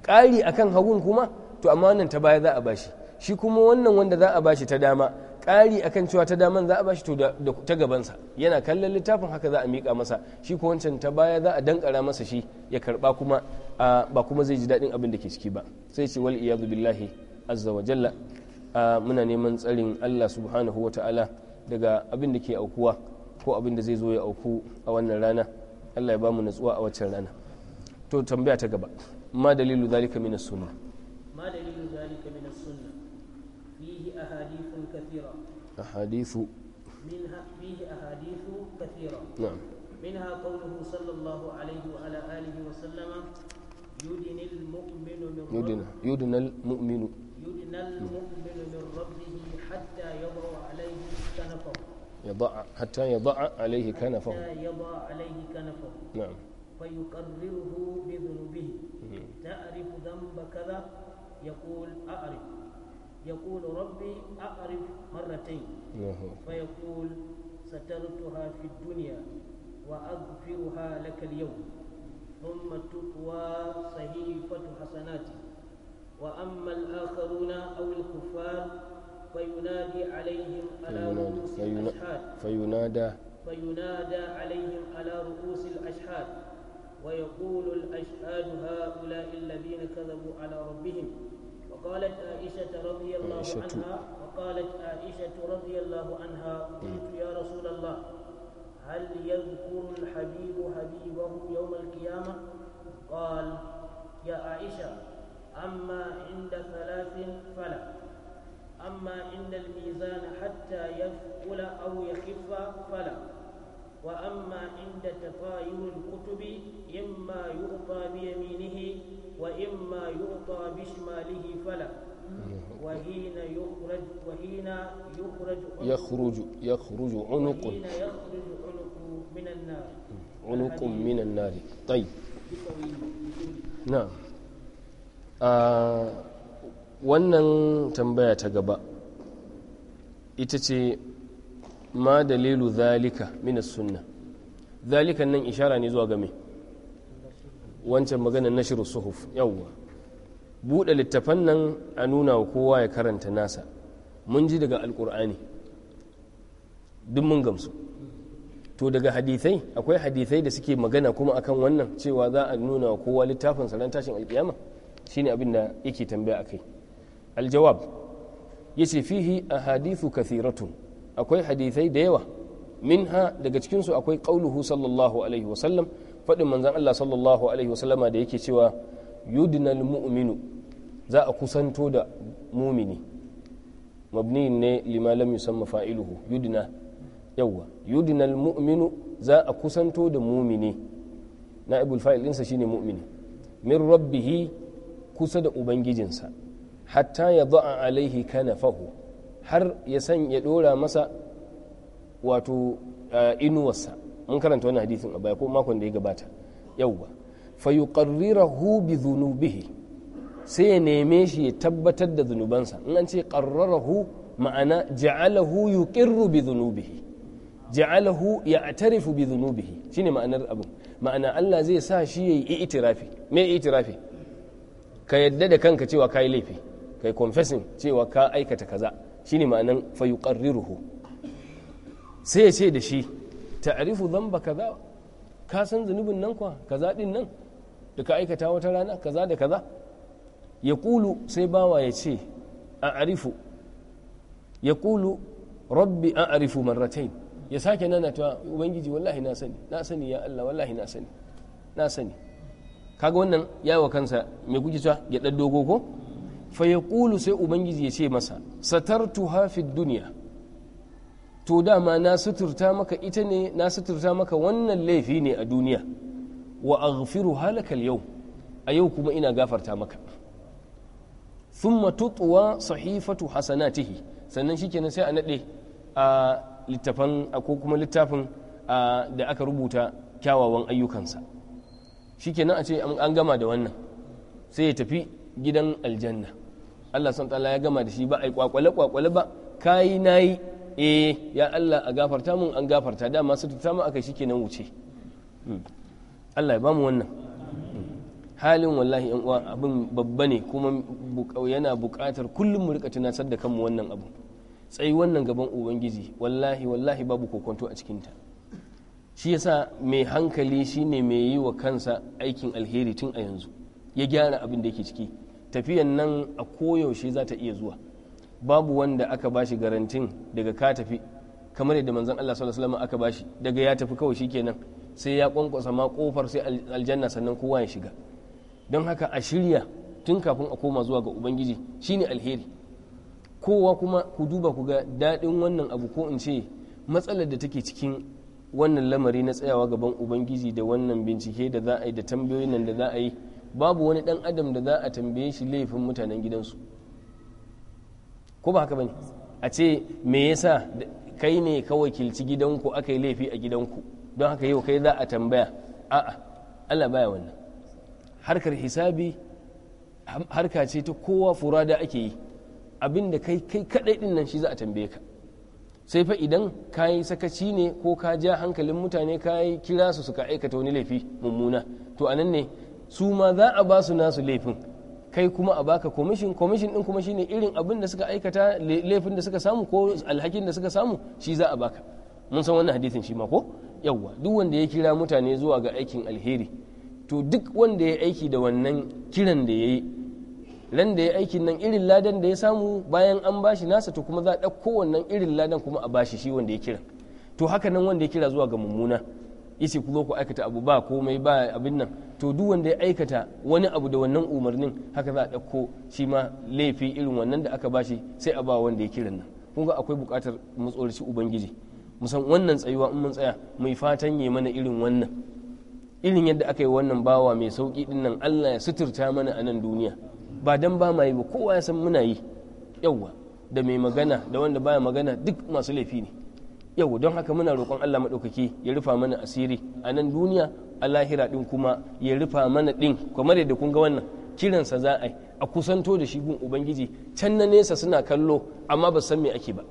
kari akan hagun kuma to amma nan ta baya za a bashi shi kuma wannan wanda za a bashi ta dama ƙari kan cewa ta daman za a bashi to ta gabansa yana kallon littafin haka za a mika masa shi ko wancan ta baya za a dankara masa shi ya karba kuma ba kuma zai ji daɗin abin da ke ciki ba sai ce wal iyadu billahi azza wa jalla muna neman tsarin Allah subhanahu ta'ala daga abin da ke aukuwa ko abin da zai zo ya auku a wannan rana Allah ya ba mu natsuwa a waccan rana to tambaya ta gaba ma dalilu zalika min as-sunnah ma dalilu zalika أحاديث منها فيه أحاديث كثيرة نعم منها قوله صلى الله عليه وعلى آله وسلم يدن المؤمن من يدن يدن المؤمن يدن المؤمن من ربه حتى يضع عليه كنفه يضع حتى يضع عليه كنفه حتى يضع عليه كنفه نعم فيقرره بذنوبه تعرف ذنب كذا يقول أعرف يقول ربي أعرف مرتين فيقول سترتها في الدنيا وأغفرها لك اليوم ثم تقوى صحيفة حسناتي وأما الآخرون أو الكفار فينادي عليهم على رؤوس الأشهاد فينادى فينادى عليهم على رؤوس الأشهاد ويقول الأشهاد هؤلاء الذين كذبوا على ربهم وقالت عائشة رضي الله عائشة. عنها وقالت عائشة رضي الله عنها قلت يا رسول الله هل يذكر الحبيب حبيبه يوم القيامة قال يا عائشة أما عند ثلاث فلا أما عند الميزان حتى يثقل أو يخف فلا وأما عند تطاير الكتب إما يغطى بيمينه وإما يعطى بشماله فلا يخرج يخرج يخرج يخرج عنق من النار عنق من النار طيب نعم wannan tambaya ta gaba ita ce ma dalilu zalika minas sunna zalikan nan ishara ne zuwa game wancan maganar nashiru suhuf yawwa buɗe littafan nan a nuna wa kowa ya karanta nasa mun ji daga alkur'ani duk mun gamsu to daga hadithai akwai hadithai da suke magana kuma akan wannan cewa za a nuna wa kowa littafin sanar tashin alkiyama shine abin da yake tambaya a kai. aljawab yace fihi hadisu kathiratun akwai hadithai da yawa minha daga cikinsu akwai ƙauluhu sallallahu alaihi wasallam sallam faɗin manzan Allah sallallahu alaihi wasallama da yake cewa yudinal mu'minu za a kusanto da mumini mabni ne lima lam yusamma fa'iluhu yudina yawwa Yudinal mu'minu za a kusanto da mumini na'ibul fa'il ɗinsa shine mu'mini min rabbihi kusa da ubangijinsa hatta ya za'a alaihi kanafahu har ya san ya ɗora masa wato inuwarsa mun karanta wani hadisin a baya ko makon da ya gabata yauwa fa rahu bi dhunubihi sai ya neme shi ya tabbatar da zunubansa in an ce qarrarahu ma'ana ja'alahu kirru bi dhunubihi ya atarifu bi dhunubihi shine ma'anar abin ma'ana Allah zai sa shi yayi i'tirafi me i'tirafi ka yadda da kanka cewa yi laifi kai confessing cewa ka aikata kaza shine ma'anan fa yuqarriruhu sai ya ce da shi ta'rifu dhanba kaza ka san zunubin nan kwa kaza din nan da ka aikata wata rana kaza da kaza ya kulu sai bawa ya ce a arifu ya kulu rabbi a arifu marratain ya sake nana ta ubangiji wallahi na sani na sani ya Allah wallahi na sani na sani kaga wannan yawa kansa mai kuke ta ya ɗan dogo ko fa ya kulu sai ubangiji ya ce masa satartu hafi duniya to dama na suturta maka ita ne na suturta maka wannan laifi ne a duniya wa aghfiru halakal yau a yau kuma ina gafarta maka thumma tutwa sahifatu hasanatihi sannan shikenan sai a nade a littafan ko kuma littafin da aka rubuta kyawawan ayyukansa shikenan a ce an gama da wannan sai ya tafi gidan aljanna Allah son ya gama da shi ba a yi kwakwale kwakwale ba kayi nayi eh ya Allah a gafarta mun an gafarta dama su tuta mu aka shikenan wuce hmm. Allah ya bamu wannan halin wallahi yan uwa abin babba ne kuma yana buƙatar kullum mu rika tunasar da kanmu wannan abu tsayi wannan gaban ubangiji wallahi wallahi babu kokonto a cikinta shi yasa mai hankali shine mai yi wa kansa aikin alheri tun a yanzu ya gyara abin da yake ciki tafiyan nan a koyaushe za ta iya zuwa babu wanda aka bashi garantin daga ka tafi kamar yadda manzon Allah sallallahu alaihi wasallam aka bashi daga ya tafi kawai shikenan sai ya kwankwasa ma kofar sai aljanna sannan kowa ya shiga don haka a shirya tun kafin a koma zuwa ga ubangiji shine alheri kowa kuma ku duba ku ga daɗin wannan abu ko in ce matsalar da take cikin wannan lamari na tsayawa gaban ubangiji da wannan bincike da za a yi da tambayoyin nan da za a yi babu wani ɗan adam da za a tambaye shi laifin mutanen gidansu ko ba haka bane a ce me yasa kai ne ka wakilci gidanku aka yi laifi a gidanku don haka yau kai za a tambaya a'a Allah baya wannan harkar hisabi harka ce ta kowa fura da ake yi abinda kai kai kadai din nan shi za a tambaye ka sai fa idan ka sakaci ne ko ka ja hankalin mutane ka yi kira su suka aikata wani laifi mummuna to anan ne su ma za a ba su nasu laifin kai kuma a baka commission commission din kuma shine irin abin da suka aikata laifin da suka samu ko alhakin da suka samu shi za a baka mun san wannan hadisin shi ma ko yawwa duk wanda ya kira mutane zuwa ga aikin alheri to duk wanda ya aiki da wannan kiran da yayi yi ran da ya aikin nan irin ladan da ya samu bayan an bashi nasa to kuma za a ɗauko wannan irin ladan kuma a bashi shi wanda ya kira to haka nan wanda ya kira zuwa ga mummuna yace ku zo ku aikata abu ba komai ba abin nan to duk wanda ya aikata wani abu da wannan umarnin haka za a ɗauko shi ma laifi irin wannan da aka bashi sai a ba wanda ya kiran nan kun ga akwai bukatar mu ubangiji musan wannan tsayuwa in mun tsaya mai fatan yi mana irin wannan irin yadda aka yi wannan bawa mai sauƙi din nan Allah ya suturta mana a nan duniya ba dan ba ma yi ba kowa ya san muna yi yawwa da mai magana da wanda baya magana duk masu laifi ne yau don haka muna roƙon Allah maɗaukaki ya rufa mana asiri a nan duniya a lahira ɗin kuma ya rufa mana ɗin kamar yadda kun ga wannan kiransa za a yi a kusanto da shi gun ubangiji can na nesa suna kallo amma ba san me ake ba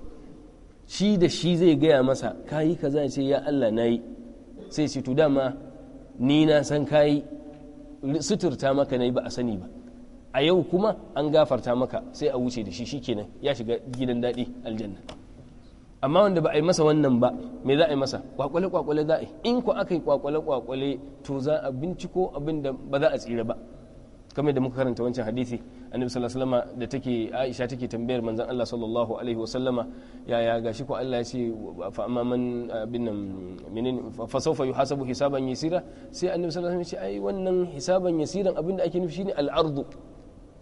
shi da shi zai gaya masa kayi kaza ce ya Allah na yi sai ce to dama ni na san kayi suturta maka na yi ba a sani ba a yau kuma an gafarta maka sai a wuce da shi shikenan ya shiga gidan daɗi aljanna amma wanda ba a yi masa wannan ba me za a yi masa kwakwale kwakwale za a yi in ku aka yi kwakwale kwakwale to za a binciko abin da ba za a tsira ba kamar da muka karanta wancan hadisi annabi sallallahu alaihi wasallama da take Aisha take tambayar manzon Allah sallallahu alaihi wasallama ya gashi ko Allah ya ce fa amma man bin minin fa sawfa yuhasabu hisaban yasira sai annabi sallallahu alaihi wasallama ya ce ai wannan hisaban yasiran abin da ake nufi shine al-ardu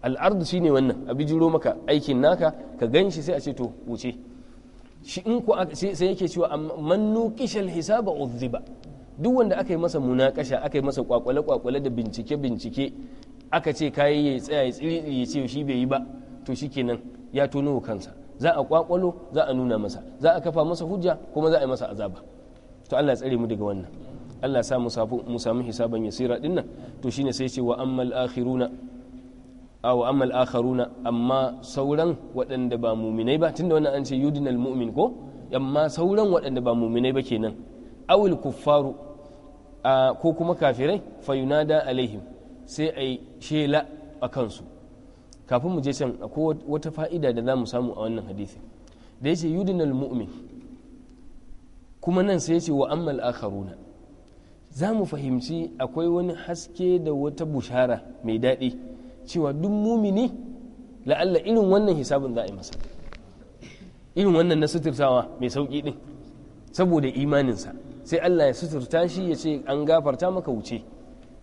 al-ardu shine wannan abi jiro maka aikin naka ka ganshi sai a ce to wuce shi in ku sai yake cewa man nuqishal hisaba udhiba duk wanda aka yi masa munakasha aka yi masa kwakwale kwakwale da bincike bincike aka ce kai ya tsaya ya tsiri ya ce shi bai yi ba to shikenan ya tono kansa za a kwakwalo za a nuna masa za a kafa masa hujja kuma za a yi masa azaba to Allah ya tsare mu daga wannan Allah ya sa mu samu hisaban yasira dinnan to shine sai ce wa ammal akhiruna aw amal akharuna amma sauran waɗanda ba muminai ba tunda wannan an ce yudinal mu'min ko amma sauran waɗanda ba muminai ba kenan awil kuffaru ko kuma kafirai fayuna da alaihim sai ai shela a kansu kafin mu je can akwai wata fa'ida da za mu samu a wannan hadisi da yace yudinal mu'min kuma nan sai yace wa amal akharuna za mu fahimci akwai wani haske da wata bushara mai daɗi cewa duk mumini la'alla irin wannan hisabin za a yi masa irin wannan na suturtawa mai sauƙi ɗin saboda imaninsa sai Allah ya suturta shi ya ce an gafarta maka wuce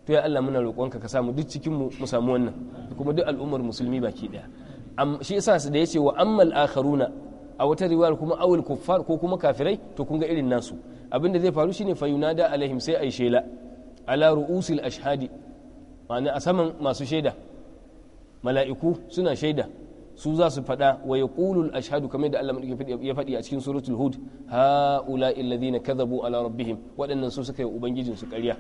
to ya Allah muna roƙonka ka samu duk cikin mu samu wannan kuma duk al'ummar musulmi baki ɗaya shi yasa da ya ce wa ammal akharuna a wata riwayar kuma awal kuffar ko kuma kafirai to kun ga irin nasu abin da zai faru shine fa da alaihim sai ai shela ala ru'usil ashhadi ma'ana a saman masu shaida mala'iku suna shaida su za su faɗa wa ya ƙulul ashadu kamar da Allah ya faɗi a cikin suratul hud ha'ula illazina kadhabu ala rabbihim waɗannan su suka yi ubangijin su ƙarya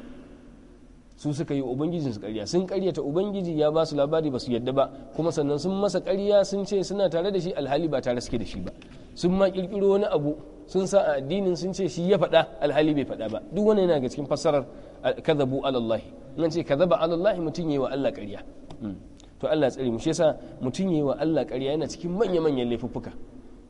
su suka yi ubangijin su ƙarya sun ta ubangiji ya ba su labari ba su yadda ba kuma sannan sun masa ƙarya sun ce suna tare da shi alhali ba tare suke da shi ba sun ma ƙirƙiro wani abu sun sa a addinin sun ce shi ya faɗa alhali bai faɗa ba duk wani yana ga cikin fassarar kadhabu Allah ce kadhaba ala Allah mutum yayi wa Allah ƙarya hmm. to Allah tsare mu shi yasa mutum yi wa Allah ƙarya yana cikin manya manyan laifuffuka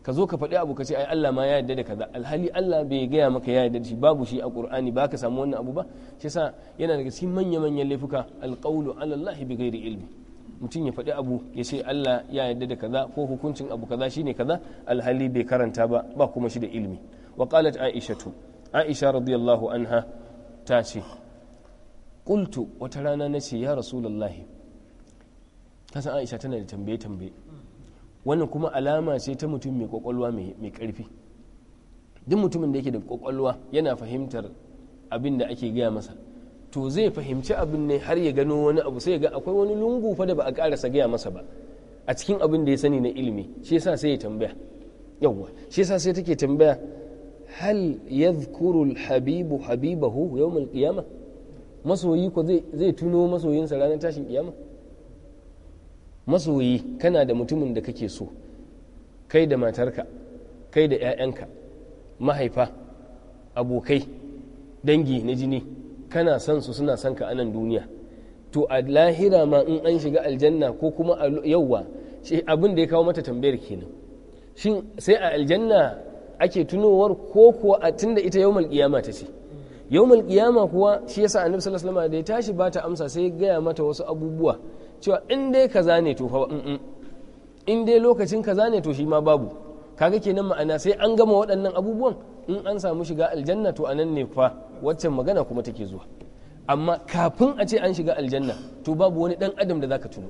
ka zo ka faɗi abu ka ce ai Allah ma ya yarda da kaza alhali Allah bai gaya maka ya yarda da shi babu shi a Qur'ani ba ka samu wannan abu ba shi yasa yana daga cikin manya manyan laifuka alqawlu ala Allah bi ghairi ilmi mutum ya faɗi abu ya ce Allah ya yarda da kaza ko hukuncin abu kaza shine kaza alhali bai karanta ba ba kuma shi da ilmi wa qalat aishatu aisha radiyallahu anha ta ce qultu wata rana ce ya rasulullahi ta aisha tana da tambaye tambaye wannan kuma alama ce ta mutum mai kwakwalwa mai karfi duk mutumin da yake da kwakwalwa yana fahimtar abin da ake gaya masa to zai fahimci abin ne har ya gano wani abu sai ga akwai wani lungu fa da ba a karasa gaya masa ba a cikin abin da ya sani na ilimi shi yasa sai ya tambaya yawwa shi yasa sai take tambaya hal yadhkuru al-habibu habibahu yawm al masoyi ko zai tuno masoyinsa ranar tashin kiyama masoyi kana da mutumin da kake so kai da matarka kai da 'ya'yanka mahaifa abokai dangi na jini kana son su suna son ka anan duniya to a lahira ma in an shiga aljanna ko kuma a yauwa abin da ya kawo mata tambayar kenan shin sai a aljanna ake tunowar ko kuwa a tunda ita yawmal kiyama ta ce yawmal kiyama kuwa shi yasa annabi sallallahu alaihi wasallam da ya tashi ba ta amsa sai ya gaya mata wasu abubuwa cewa in dai kaza ne to fa in dai lokacin kaza ne to shi ma babu kaga kenan ma'ana sai an gama waɗannan abubuwan in an samu shiga aljanna to anan ne fa waccan magana kuma take zuwa amma kafin a ce an shiga aljanna to babu wani dan adam da zaka tuno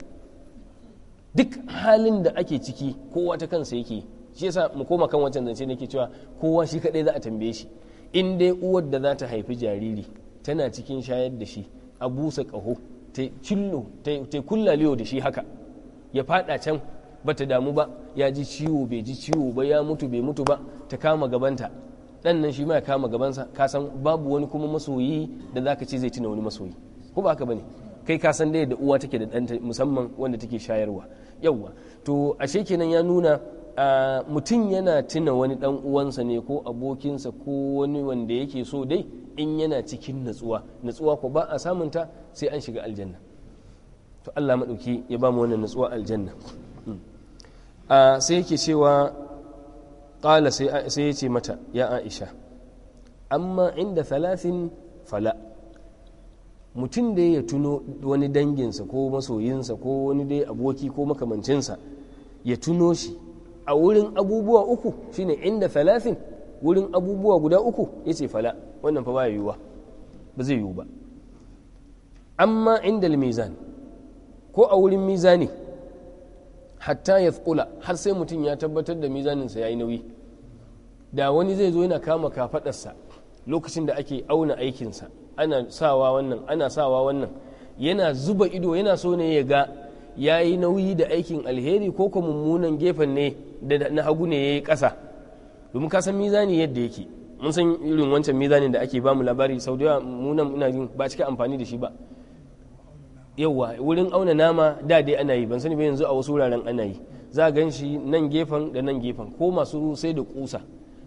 duk halin da ake ciki kowa ta kansa yake shi yasa mu koma kan wancan zance nake cewa kowa shi kadai za a tambaye shi in dai uwar da za ta haifi jariri tana cikin shayar da shi a busa ƙaho ta cillo ta liyo da shi haka ya fada can ba ta damu ba ya ji ciwo bai ji ciwo ba ya mutu bai mutu ba ta kama gabanta dan nan shi ma ya kama gabansa ka san babu wani kuma masoyi da zaka ce zai tuna wani masoyi ko ba haka bane kai ka san da uwa take da danta musamman wanda take shayarwa yawwa to ashe kenan ya nuna mutum yana tuna wani dan uwansa ne ko abokinsa ko wani wanda yake so dai in yana cikin natsuwa natsuwa ko ba a samunta sai an shiga aljanna to Allah maɗauki ya ba mu wannan natsuwa aljanna hmm. sai yake cewa ƙala sai ya ce mata ya aisha amma inda thalathin fala mutum da ya tuno wani danginsa ko masoyinsa ko wani dai aboki ko makamancinsa ya tuno shi a wurin abubuwa uku shine inda thalathin wurin abubuwa guda uku ya ce fala wannan fa ba yiwuwa ba zai yiwu ba amma inda mizan ko a wurin mizani hatta ya tsula har sai mutum ya tabbatar da mizaninsa ya yi nauyi da wani zai zo yana kama kafadarsa lokacin da ake auna aikinsa ana sawa wannan ana sawa wannan yana zuba ido yana so ne ya ga ya yi nauyi da aikin alheri ko kuma mummunan gefen ne da na hagu ne ya yi ƙasa domin ka san mizani yadda yake mun san irin wancan mizanin da ake bamu labari sau da mu nan ina jin ba cike amfani da shi ba yauwa wurin auna nama da dai ana yi ban sani ba yanzu a wasu wuraren ana yi za gan shi nan gefen da nan gefen ko masu sai da kusa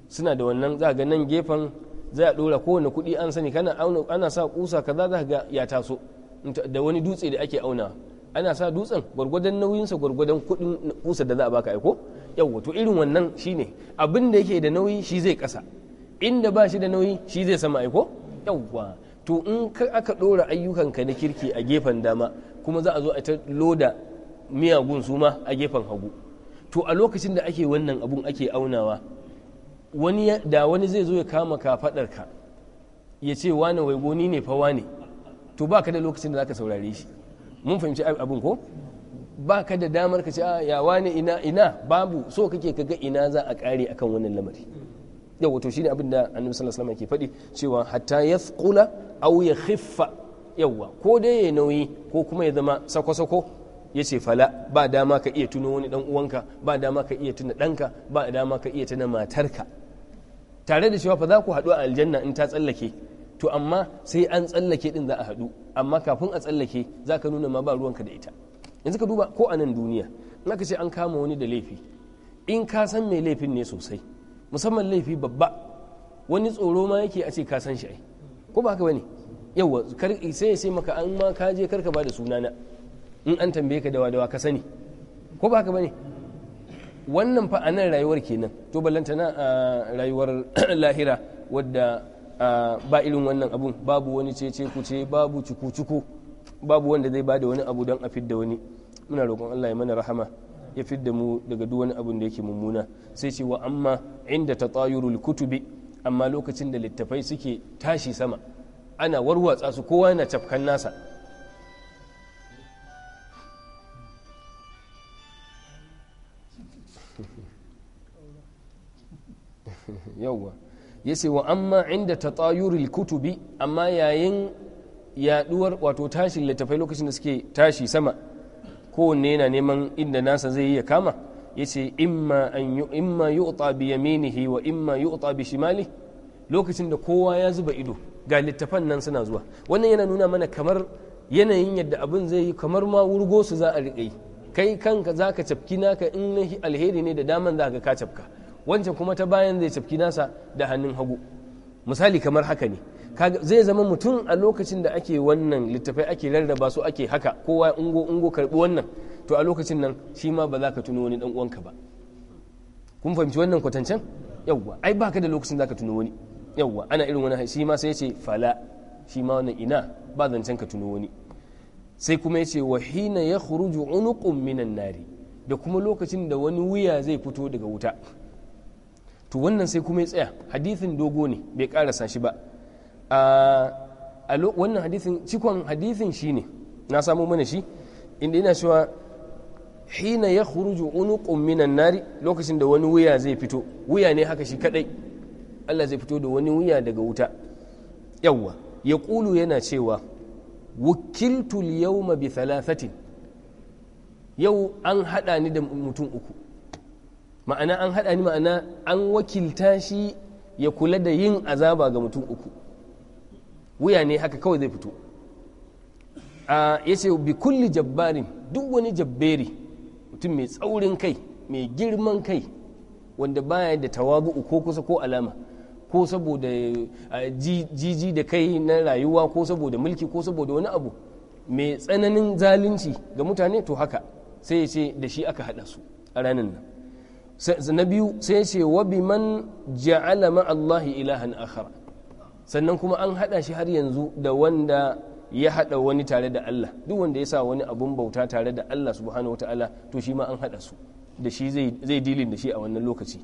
suna da wannan za ga nan gefen za a dora kowane kuɗi an sani kana ana sa kusa kaza za ga ya taso da wani dutse da ake auna ana sa dutsen gwargwadon nauyinsa gwargwadon kuɗin kusa da za a baka aiko yawa to irin wannan shine abin da yake da nauyi shi zai kasa inda ba shi da nauyi shi zai sama aiko yawa to in aka ɗora ka na kirki a gefen dama kuma za a zo a ta loda miyagun su ma a gefen hagu to a lokacin da ake wannan abun ake aunawa wani da wani zai zo ya kama ka ya ce wane wai ne fa wane to ba ka da lokacin da za ka saurare shi mun fahimci abin ko ba ka da damar ka ce a ah, yawa ne ina ina babu so kake kaga ina za a kare akan wannan lamari yau wato shine abin da annabi sallallahu alaihi ke faɗi cewa hatta yathqula aw yakhiffa yawa ko dai ya nauyi ko kuma ya zama sako-sako ya ce fala ba dama ka iya tuno wani dan uwanka ba dama ka iya tuna ɗanka ba dama ka iya tuna matarka tare da cewa fa za ku haɗu a aljanna in ta tsallake to amma sai an tsallake din za a haɗu amma kafin a tsallake za ka nuna ma ba ruwanka da ita yanzu ka duba ko a nan duniya in aka ce an kama wani da laifi in ka san mai laifin ne sosai musamman laifi babba wani tsoro ma yake a ce ka san shi ai ko ba haka bane yawa sai ya ce maka an ma ka je karka ba da sunana in an tambaye ka dawa dawa ka sani ko ba haka bane wannan fa a nan rayuwar kenan to ballanta na rayuwar lahira wadda ba irin wannan abun babu wani cece kuce babu cuku babu wanda zai bada wani abu don a fidda wani muna roƙon Allah ya mana rahama ya fidda mu daga duk wani abun da yake mummuna sai ce wa amma inda ta tsayurul kutubi amma lokacin da littafai suke tashi sama ana warwatsa su kowa yana cafkan nasa yawwa ya ce wa amma inda ta tsayurul kutubi amma yayin yaduwar wato tashin littafai lokacin da suke tashi sama kowanne yana neman inda nasa zai yi kama ya ce imma yu'ta bi yaminihi wa imma yu'ta bi shimali lokacin da kowa ya zuba ido ga littafan nan suna zuwa wannan yana nuna mana kamar yanayin yadda abin zai yi kamar ma wurgo su za a riƙe kai kanka za ka cafki naka in alheri ne da daman za ka ka cafka wancan kuma ta bayan zai cafki nasa da hannun hagu misali kamar haka ne zai zama mutum a lokacin da ake wannan littafai ake rarraba su ake haka kowa ungo ungo karbi wannan to a lokacin nan shi ma ba za ka tuno wani dan uwanka ba kun fahimci wannan kwatancen yawwa ai baka da lokacin zaka tuno wani yawwa ana irin wani shi ma sai ya ce fala shi ma wannan ina ba zancen ka tuno wani sai kuma ya ce wa hina ya khuruju unuqum minan nari da kuma lokacin da wani wuya zai fito daga wuta to wannan sai kuma ya tsaya hadithin dogo ne bai karasa shi ba a wannan hadisin cikon hadisin shine na samu mana shi inda yana cewa hina ya khuruju unuqun minan nari lokacin da wani wuya zai fito wuya ne haka shi kadai Allah zai fito da wani wuya daga wuta yawwa ya kulu yana cewa wukiltu yawma bi thalathatin yau an haɗa ni da mutum uku ma'ana an haɗa ni ma'ana an wakilta shi ya kula da yin azaba ga mutum uku wuya ne haka kawai zai fito ya ce bi kulli jabbarin duk wani jabberi mutum mai tsaurin kai mai girman kai wanda baya da tawabu ko kusa ko alama ko saboda jiji da kai na rayuwa ko saboda mulki ko saboda wani abu mai tsananin zalunci ga mutane to haka sai ya ce da shi aka haɗa su a ranar nan na biyu sai ya ce wabi man ja'ala ma ilahan akhara sannan kuma an haɗa shi har yanzu da wanda ya haɗa wani tare da Allah duk wanda ya sa wani abun bauta tare da Allah subhanahu wataala to shi ma an haɗa su da shi zai dilin da shi a wannan lokaci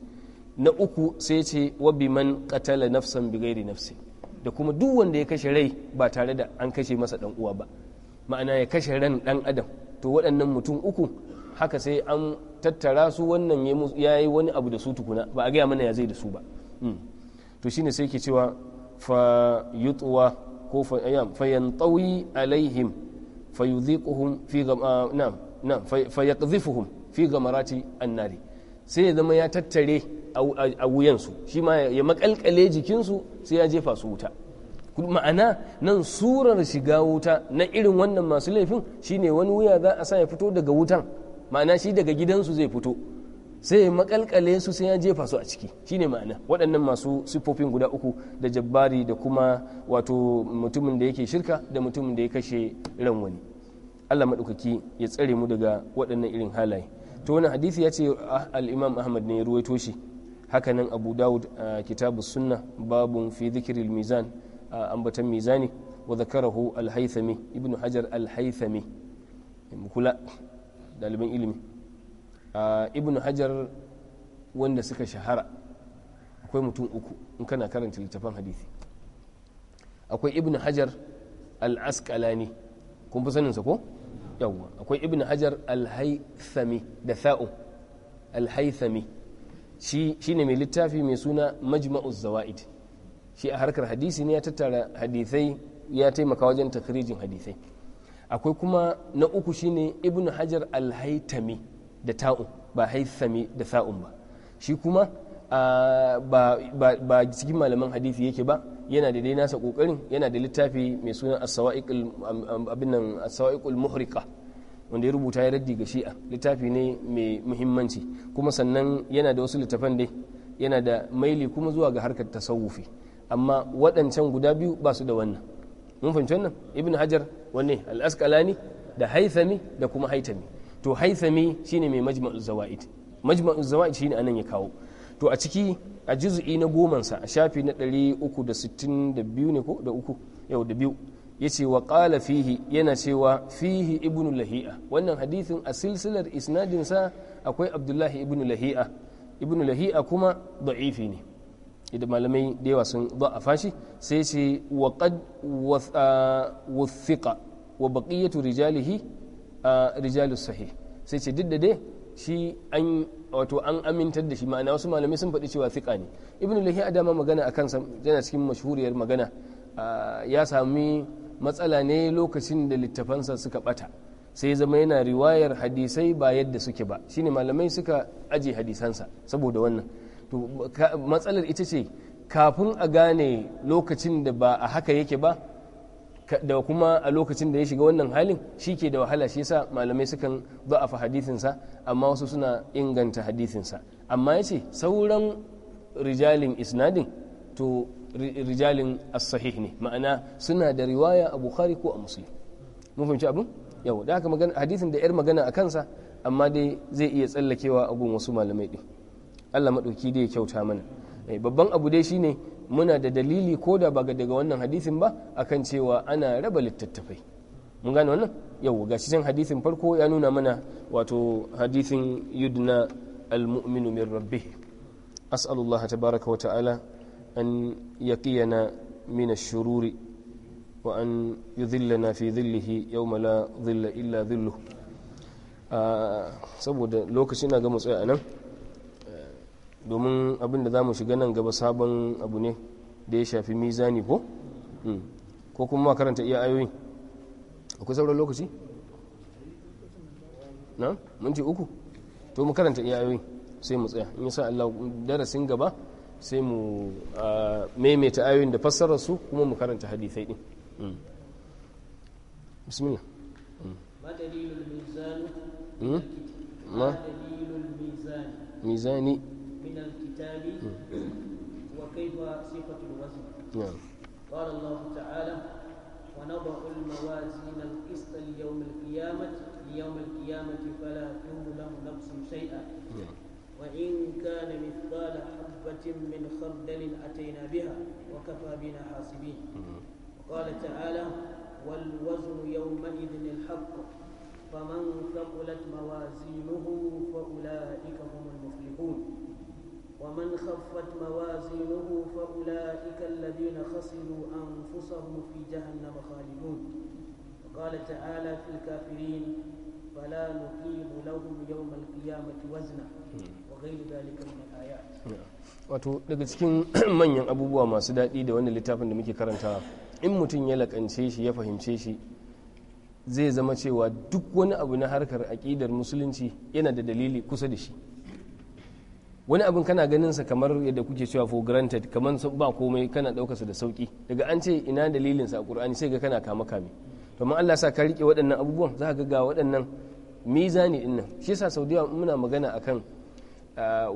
na uku sai ce wabi man qatala nafsan bi ghairi nafsi da kuma duk wanda ya kashe rai ba tare da an kashe masa dan uwa ba ma'ana ya kashe ran dan adam to waɗannan mutum uku haka sai an tattara su wannan ya yi wani abu da su tukuna ba a gaya mana ya zai da su ba hmm. to shine sai ke cewa fayutwa ko fayantawi alaihim fayudhiquhum fi na'am na'am fayaqdhifuhum fi annari sai ya zama ya tattare a wuyansu shi ma ya makalkale jikinsu sai ya jefa su wuta ma'ana nan surar shiga wuta na irin wannan masu laifin shine wani wuya za a sa ya fito daga wutan ma'ana shi daga gidansu zai fito sai ya makalkale su sai ya jefa su a ciki shine ma'ana waɗannan masu siffofin guda uku da jabbari da kuma wato mutumin da yake shirka da mutumin da ya kashe ran wani Allah maɗaukaki ya tsare mu daga waɗannan irin halaye to wani hadisi ya ce ah, al-imam ahmad ne ya ruwaito shi hakanan abu dawud a kitabu sunna babu fi zikiril mizan a ambatan mizani wa zakarahu al ibnu hajar al-haythami kula ɗaliban ilimi Ah, ibn hajar wanda suka shahara akwai mutum uku in kana karanta littafan hadisi akwai ibn hajar al-asqalani kun fi saninsa ko yawwa akwai ibn hajar al-haythami da sa'u al-haythami shi ne mai littafi mai suna majma'u zawa'id shi a harkar hadisi ne ya tattara hadisai ya taimaka wajen takirijin hadisai akwai kuma na uku shine ibn hajar al haithami da ta'u ba haithami da sa'un ba shi kuma ba cikin malaman hadisi yake ba yana da dai nasa kokarin yana da littafi mai sunan as muhrika wanda ya rubuta ya raddi ga shi'a littafi ne mai muhimmanci kuma sannan yana da wasu littafan dai yana da maili kuma zuwa ga harkar tasawufi amma waɗancan guda biyu ba su da wannan mun fahimci wannan ibn hajar wanne al da haithami da kuma haitami to haithami shine mai majma'ul zawaid majma'ul zawaid shine anan ya kawo to a ciki a juz'i na gomansa sa a shafi na 362 ne ko da uku yau da biyu yace wa qala fihi yana cewa fihi ibnu lahi'a wannan hadithin a silsilar isnadin sa akwai abdullahi ibnu lahi'a ibnu lahi'a kuma da'ifi ne idan malamai da yawa sun da'afa shi sai ce wa qad wuthiqa wa baqiyatu rijalihi rijalus sahih sai ce duk da dai shi an wato an amintar da shi ma'ana wasu malamai sun faɗi cewa fiƙa ne ibnu a dama magana a kansa yana cikin mashuriyar magana ya sami matsala ne lokacin da littafansa suka ɓata sai zama yana riwayar hadisai ba yadda suke ba shine malamai suka aje hadisansa saboda wannan to matsalar ita ce kafin a gane lokacin da ba a haka yake ba da kuma a lokacin da ya shiga wannan halin shi ke da wahala shi sa malamai sukan za'afa hadisinsa amma wasu suna inganta hadisinsa amma ya ce sauran rijalin isnadin to rijalin as-sahih ne ma'ana suna da riwaya a bukhari ko a muslim mun fahimci abin yau da haka magana hadisin da yar magana a kansa amma dai zai iya tsallakewa a gun wasu malamai din Allah madauki dai ya kyauta mana eh, babban abu dai shine muna da dalili ko da baga daga wannan hadisin ba akan cewa ana raba littattafai mun gane wannan yau ga cikin hadisin farko ya nuna mana wato hadisin yudna almu'minu min rabbi as'alullah tabaraka wa ta'ala an yaqiyana min ash-shururi wa an yudhillana fi dhillihi yawma la dhilla illa dhilluh ah, saboda lokaci na ga mu tsaya anan domin abin da za mu shiga nan gaba sabon abu ne da ya shafi mizani ko hmm. ko kuma karanta iya ayoyi akwai sauran lokaci na minti uku to mu karanta iya ayoyi sai mu tsaya in sa Allah darasin gaba sai mu maimaita ayoyin da fassarar su kuma mu karanta hadisai din hmm. bismillah hmm. ma ma dalilul mizani من الكتاب وكيف صفة الوزن نعم قال الله تعالى ونضع الموازين القسط ليوم القيامة ليوم القيامة فلا تظلم نفس شيئا نعم وإن كان مثقال حبة من خردل أتينا بها وكفى بنا حاسبين وقال تعالى والوزن يومئذ الحق فمن ثقلت موازينه فأولئك هم المفلحون ومن خفت موازينه فأولئك الذين خسروا أنفسهم في جهنم خالدون وقال تعالى في الكافرين فلا نقيم لهم يوم القيامة وزنا وغير ذلك من الآيات wato daga cikin manyan abubuwa masu daɗi da wannan littafin da muke karanta in mutum ya lakance shi ya fahimce shi zai zama cewa duk wani abu na harkar aƙidar musulunci yana da dalili kusa da shi wani abin kana ganin sa kamar yadda kuke cewa for granted kamar ba komai kana ɗaukar sa da sauki daga an ce ina dalilin sa a Qur'ani sai ga kana kama kame to amma Allah sa ka rike waɗannan abubuwan za ka ga waɗannan mizani din nan shi yasa saudiya muna magana akan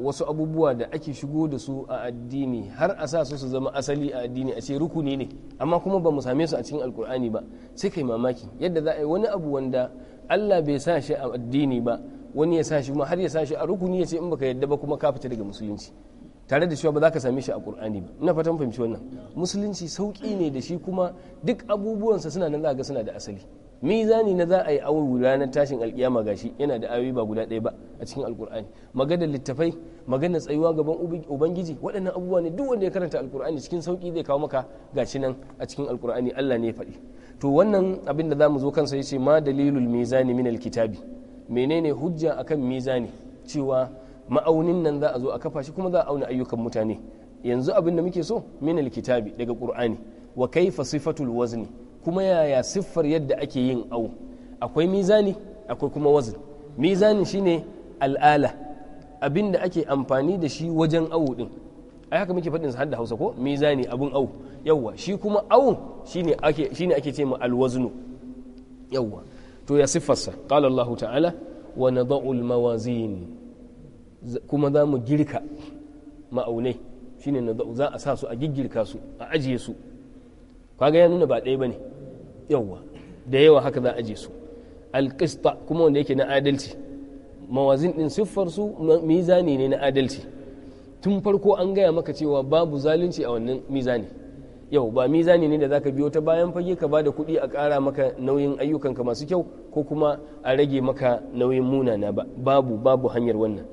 wasu abubuwa da ake shigo da su a addini har a sa su su zama asali a addini a ce rukuni ne amma kuma ba mu same su a cikin alkur'ani ba sai kai mamaki yadda za a yi wani abu wanda Allah bai sa shi a addini ba wani ya sa shi kuma har ya sa shi a rukuni ya ce in baka yadda ba kuma ka fita daga musulunci tare da cewa ba za ka same shi a qur'ani ba ina fatan fahimci wannan musulunci sauki ne da shi kuma duk abubuwansa suna nan za ga suna da asali mizani na za a yi awo ranar tashin alkiyama gashi yana da ayoyi ba guda ɗaya ba a cikin alkur'ani maganar littafai maganar tsayuwa gaban ubangiji waɗannan abubuwa ne duk wanda ya karanta alkur'ani cikin sauki zai kawo maka gashi nan a cikin alkur'ani allah ne ya faɗi to wannan abin da za mu zo kansa ya ce ma dalilul mizani min alkitabi menene hujja akan mizani cewa ma'aunin nan za a zo a kafa shi kuma za a auna ayyukan mutane yanzu abin da muke so min kitabi daga qur'ani wa kaifa sifatul wazni kuma yaya siffar yadda ake yin au akwai mizani akwai kuma wazn mizani shine al'ala abin da ake amfani da shi wajen awu din ai haka muke faɗin har da Hausa ko mizani abun au yawwa shi kuma au shine ake shine ake ce mu wazn yawwa to ya siffarsa qala Allah ta'ala wa nadau al-mawazin kuma za mu girka ma'aunai shine nadau za a sa su a giggirka su a ajiye su kaga ya nuna ba ɗaya bane yawa da yawa haka za a ajiye su alƙista kuma wanda yake na adalci mawazin ɗin siffarsu mizani ne na adalci tun farko an gaya maka cewa babu zalunci a wannan mizani yau ba mizani ne da zaka biyo ta bayan fage ka bada kuɗi a ƙara maka nauyin ayyukanka masu kyau ko kuma a rage maka nauyin munana ba babu babu hanyar wannan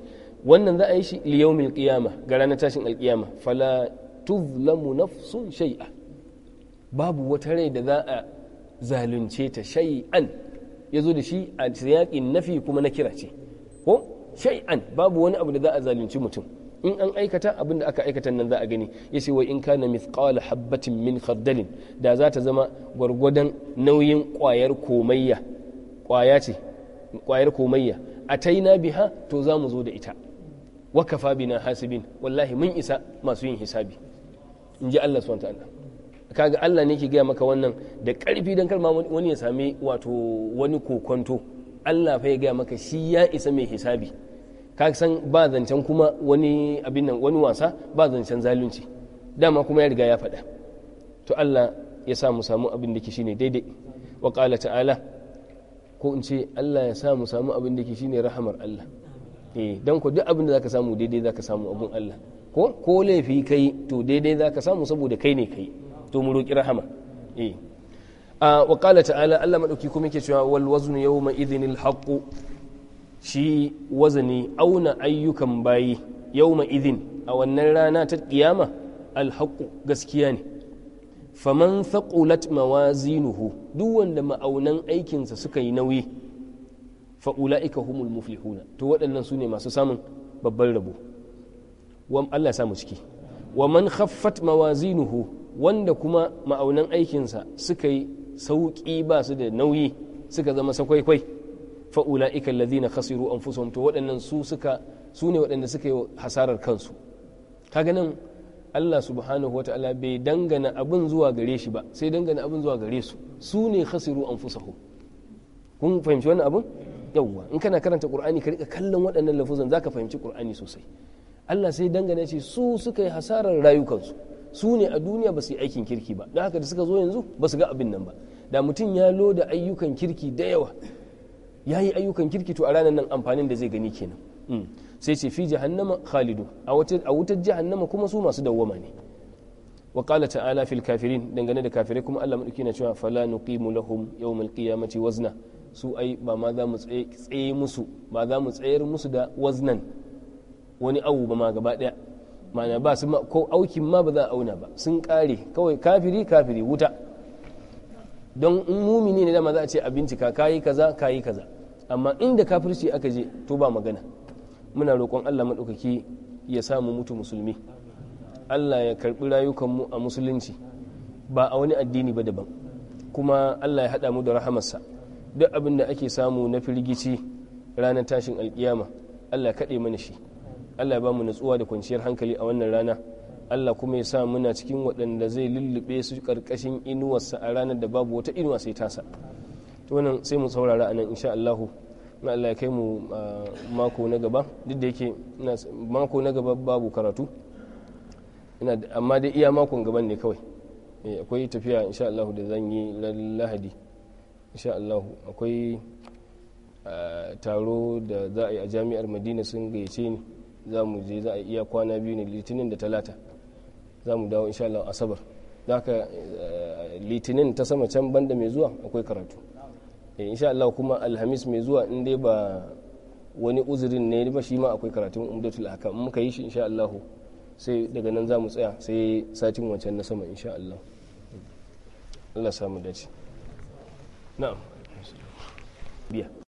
wannan za a yi shi liyaumil qiyama ga ranar tashin alqiyama fala tuzlamu nafsun shai'a babu wata rai da za a zalunce ta ya zo da shi a siyaqin nafi kuma na kira ce ko shay'an babu wani abu da za a zalunci mutum in an aikata abin da aka aikata nan za a gani ya ce wai in kana mithqala habbatin min khardalin da za ta zama gwargwadon nauyin kwayar komayya kwaya ce kwayar komayya ataina biha to za mu zo da ita wa kafa na hasibin wallahi mun isa masu yin hisabi in ji Allah subhanahu ta'ala kaga Allah ne ke gaya maka wannan da karfi dan kalma wani ya sami wato wani kokonto Allah fa ya gaya maka shi ya isa mai hisabi ka san ba zancen kuma wani abin nan wani wasa ba zancen zalunci dama kuma ya riga ya faɗa to Allah ya sa mu samu abin da ke shine daidai wa qala ta'ala ko in ce Allah ya sa mu samu abin da ke shine rahamar Allah eh dan ko duk abin da zaka samu daidai zaka samu abun Allah ko ko laifi kai to daidai zaka samu saboda kai ne kai to mu roki rahama eh ah, wa qala ta'ala Allah madauki kuma yake cewa wal waznu yawma idhinil haqq shi wazani auna ayyukan bayi yawma idin a wannan rana ta ƙiyama alhaƙu gaskiya ne faman thaqulat mawazinuhu duk wanda ma'aunan aikinsa suka yi nauyi fa ulaika humul muflihuna to waɗannan su ne masu samun babban rabo Allah samu ciki wa man khaffat mawazinuhu wanda kuma ma'aunan aikinsa suka yi sauƙi ba su da nauyi suka zama sakwaikwai fa ulaika allazina khasiru anfusahum to waɗannan su suka su ne waɗanda suka yi hasarar kansu kaga nan Allah subhanahu wata'ala bai dangana abin zuwa gare shi ba sai dangana abin zuwa gare su su ne khasiru anfusahum kun fahimci wannan abin yawwa in kana karanta qur'ani ka rika kallon waɗannan lafuzan zaka fahimci qur'ani sosai Allah sai dangane ce su suka yi hasarar rayukansu su ne a duniya ba su yi aikin kirki ba don haka da suka zo yanzu ba su ga abin nan ba da mutum ya loda ayyukan kirki da yawa ya yi ayyukan kirki to a ranar nan amfanin da zai gani kenan hmm. sai ce fi jahannama khalidu a wutar jahannama kuma su masu dawwama ne wa qala ta'ala fil kafirin dangane da kafirai kuma Allah madauki na cewa fala nuqimu lahum yawmal qiyamati wazna su ai ba ma za mu tsaye musu ba za mu tsayar musu da waznan wani awu ba ma gaba daya mana ba su ko aukin ma ba za a auna ba sun kare kawai kafiri kafiri wuta don in mumini ne dama za a ce a bincika kayi kaza kayi kaza amma inda kafirci aka je to ba magana muna roƙon Allah maɗaukaki ya samu mutu musulmi Allah ya karɓi rayukanmu a musulunci ba a wani addini ba daban kuma Allah ya haɗa mu da rahamarsa duk abin da ake samu na firgici ranar tashin alkiyama Allah ya kaɗe mana shi Allah ya ba mu natsuwa da kwanciyar hankali a wannan rana Allah kuma ya sa muna cikin waɗanda zai lullube su ƙarƙashin inuwarsa a ranar da babu wata inuwa sai tasa to sai mu saurara a nan insha Allah na Allah ya kai mu mako na gaba duk da yake mako na gaba babu karatu amma dai iya makon gaban ne kawai eh, akwai tafiya insha Allah da zan yi lahadi insha Allah akwai taro da za a yi a jami'ar madina sun gayyace ni za mu je za a iya kwana biyu ne litinin da talata za mu dawo insha Allah asabar da haka eh, litinin ta sama can banda mai zuwa akwai karatu Eh, insha Allah kuma alhamis mai zuwa in dai ba wani uzurin ne ba shi ma akwai karatun umdatul haka in muka yi shi insha Allah sai daga nan za mu tsaya sai satin wancan na sama insha Allah Allah samu dace na'am biya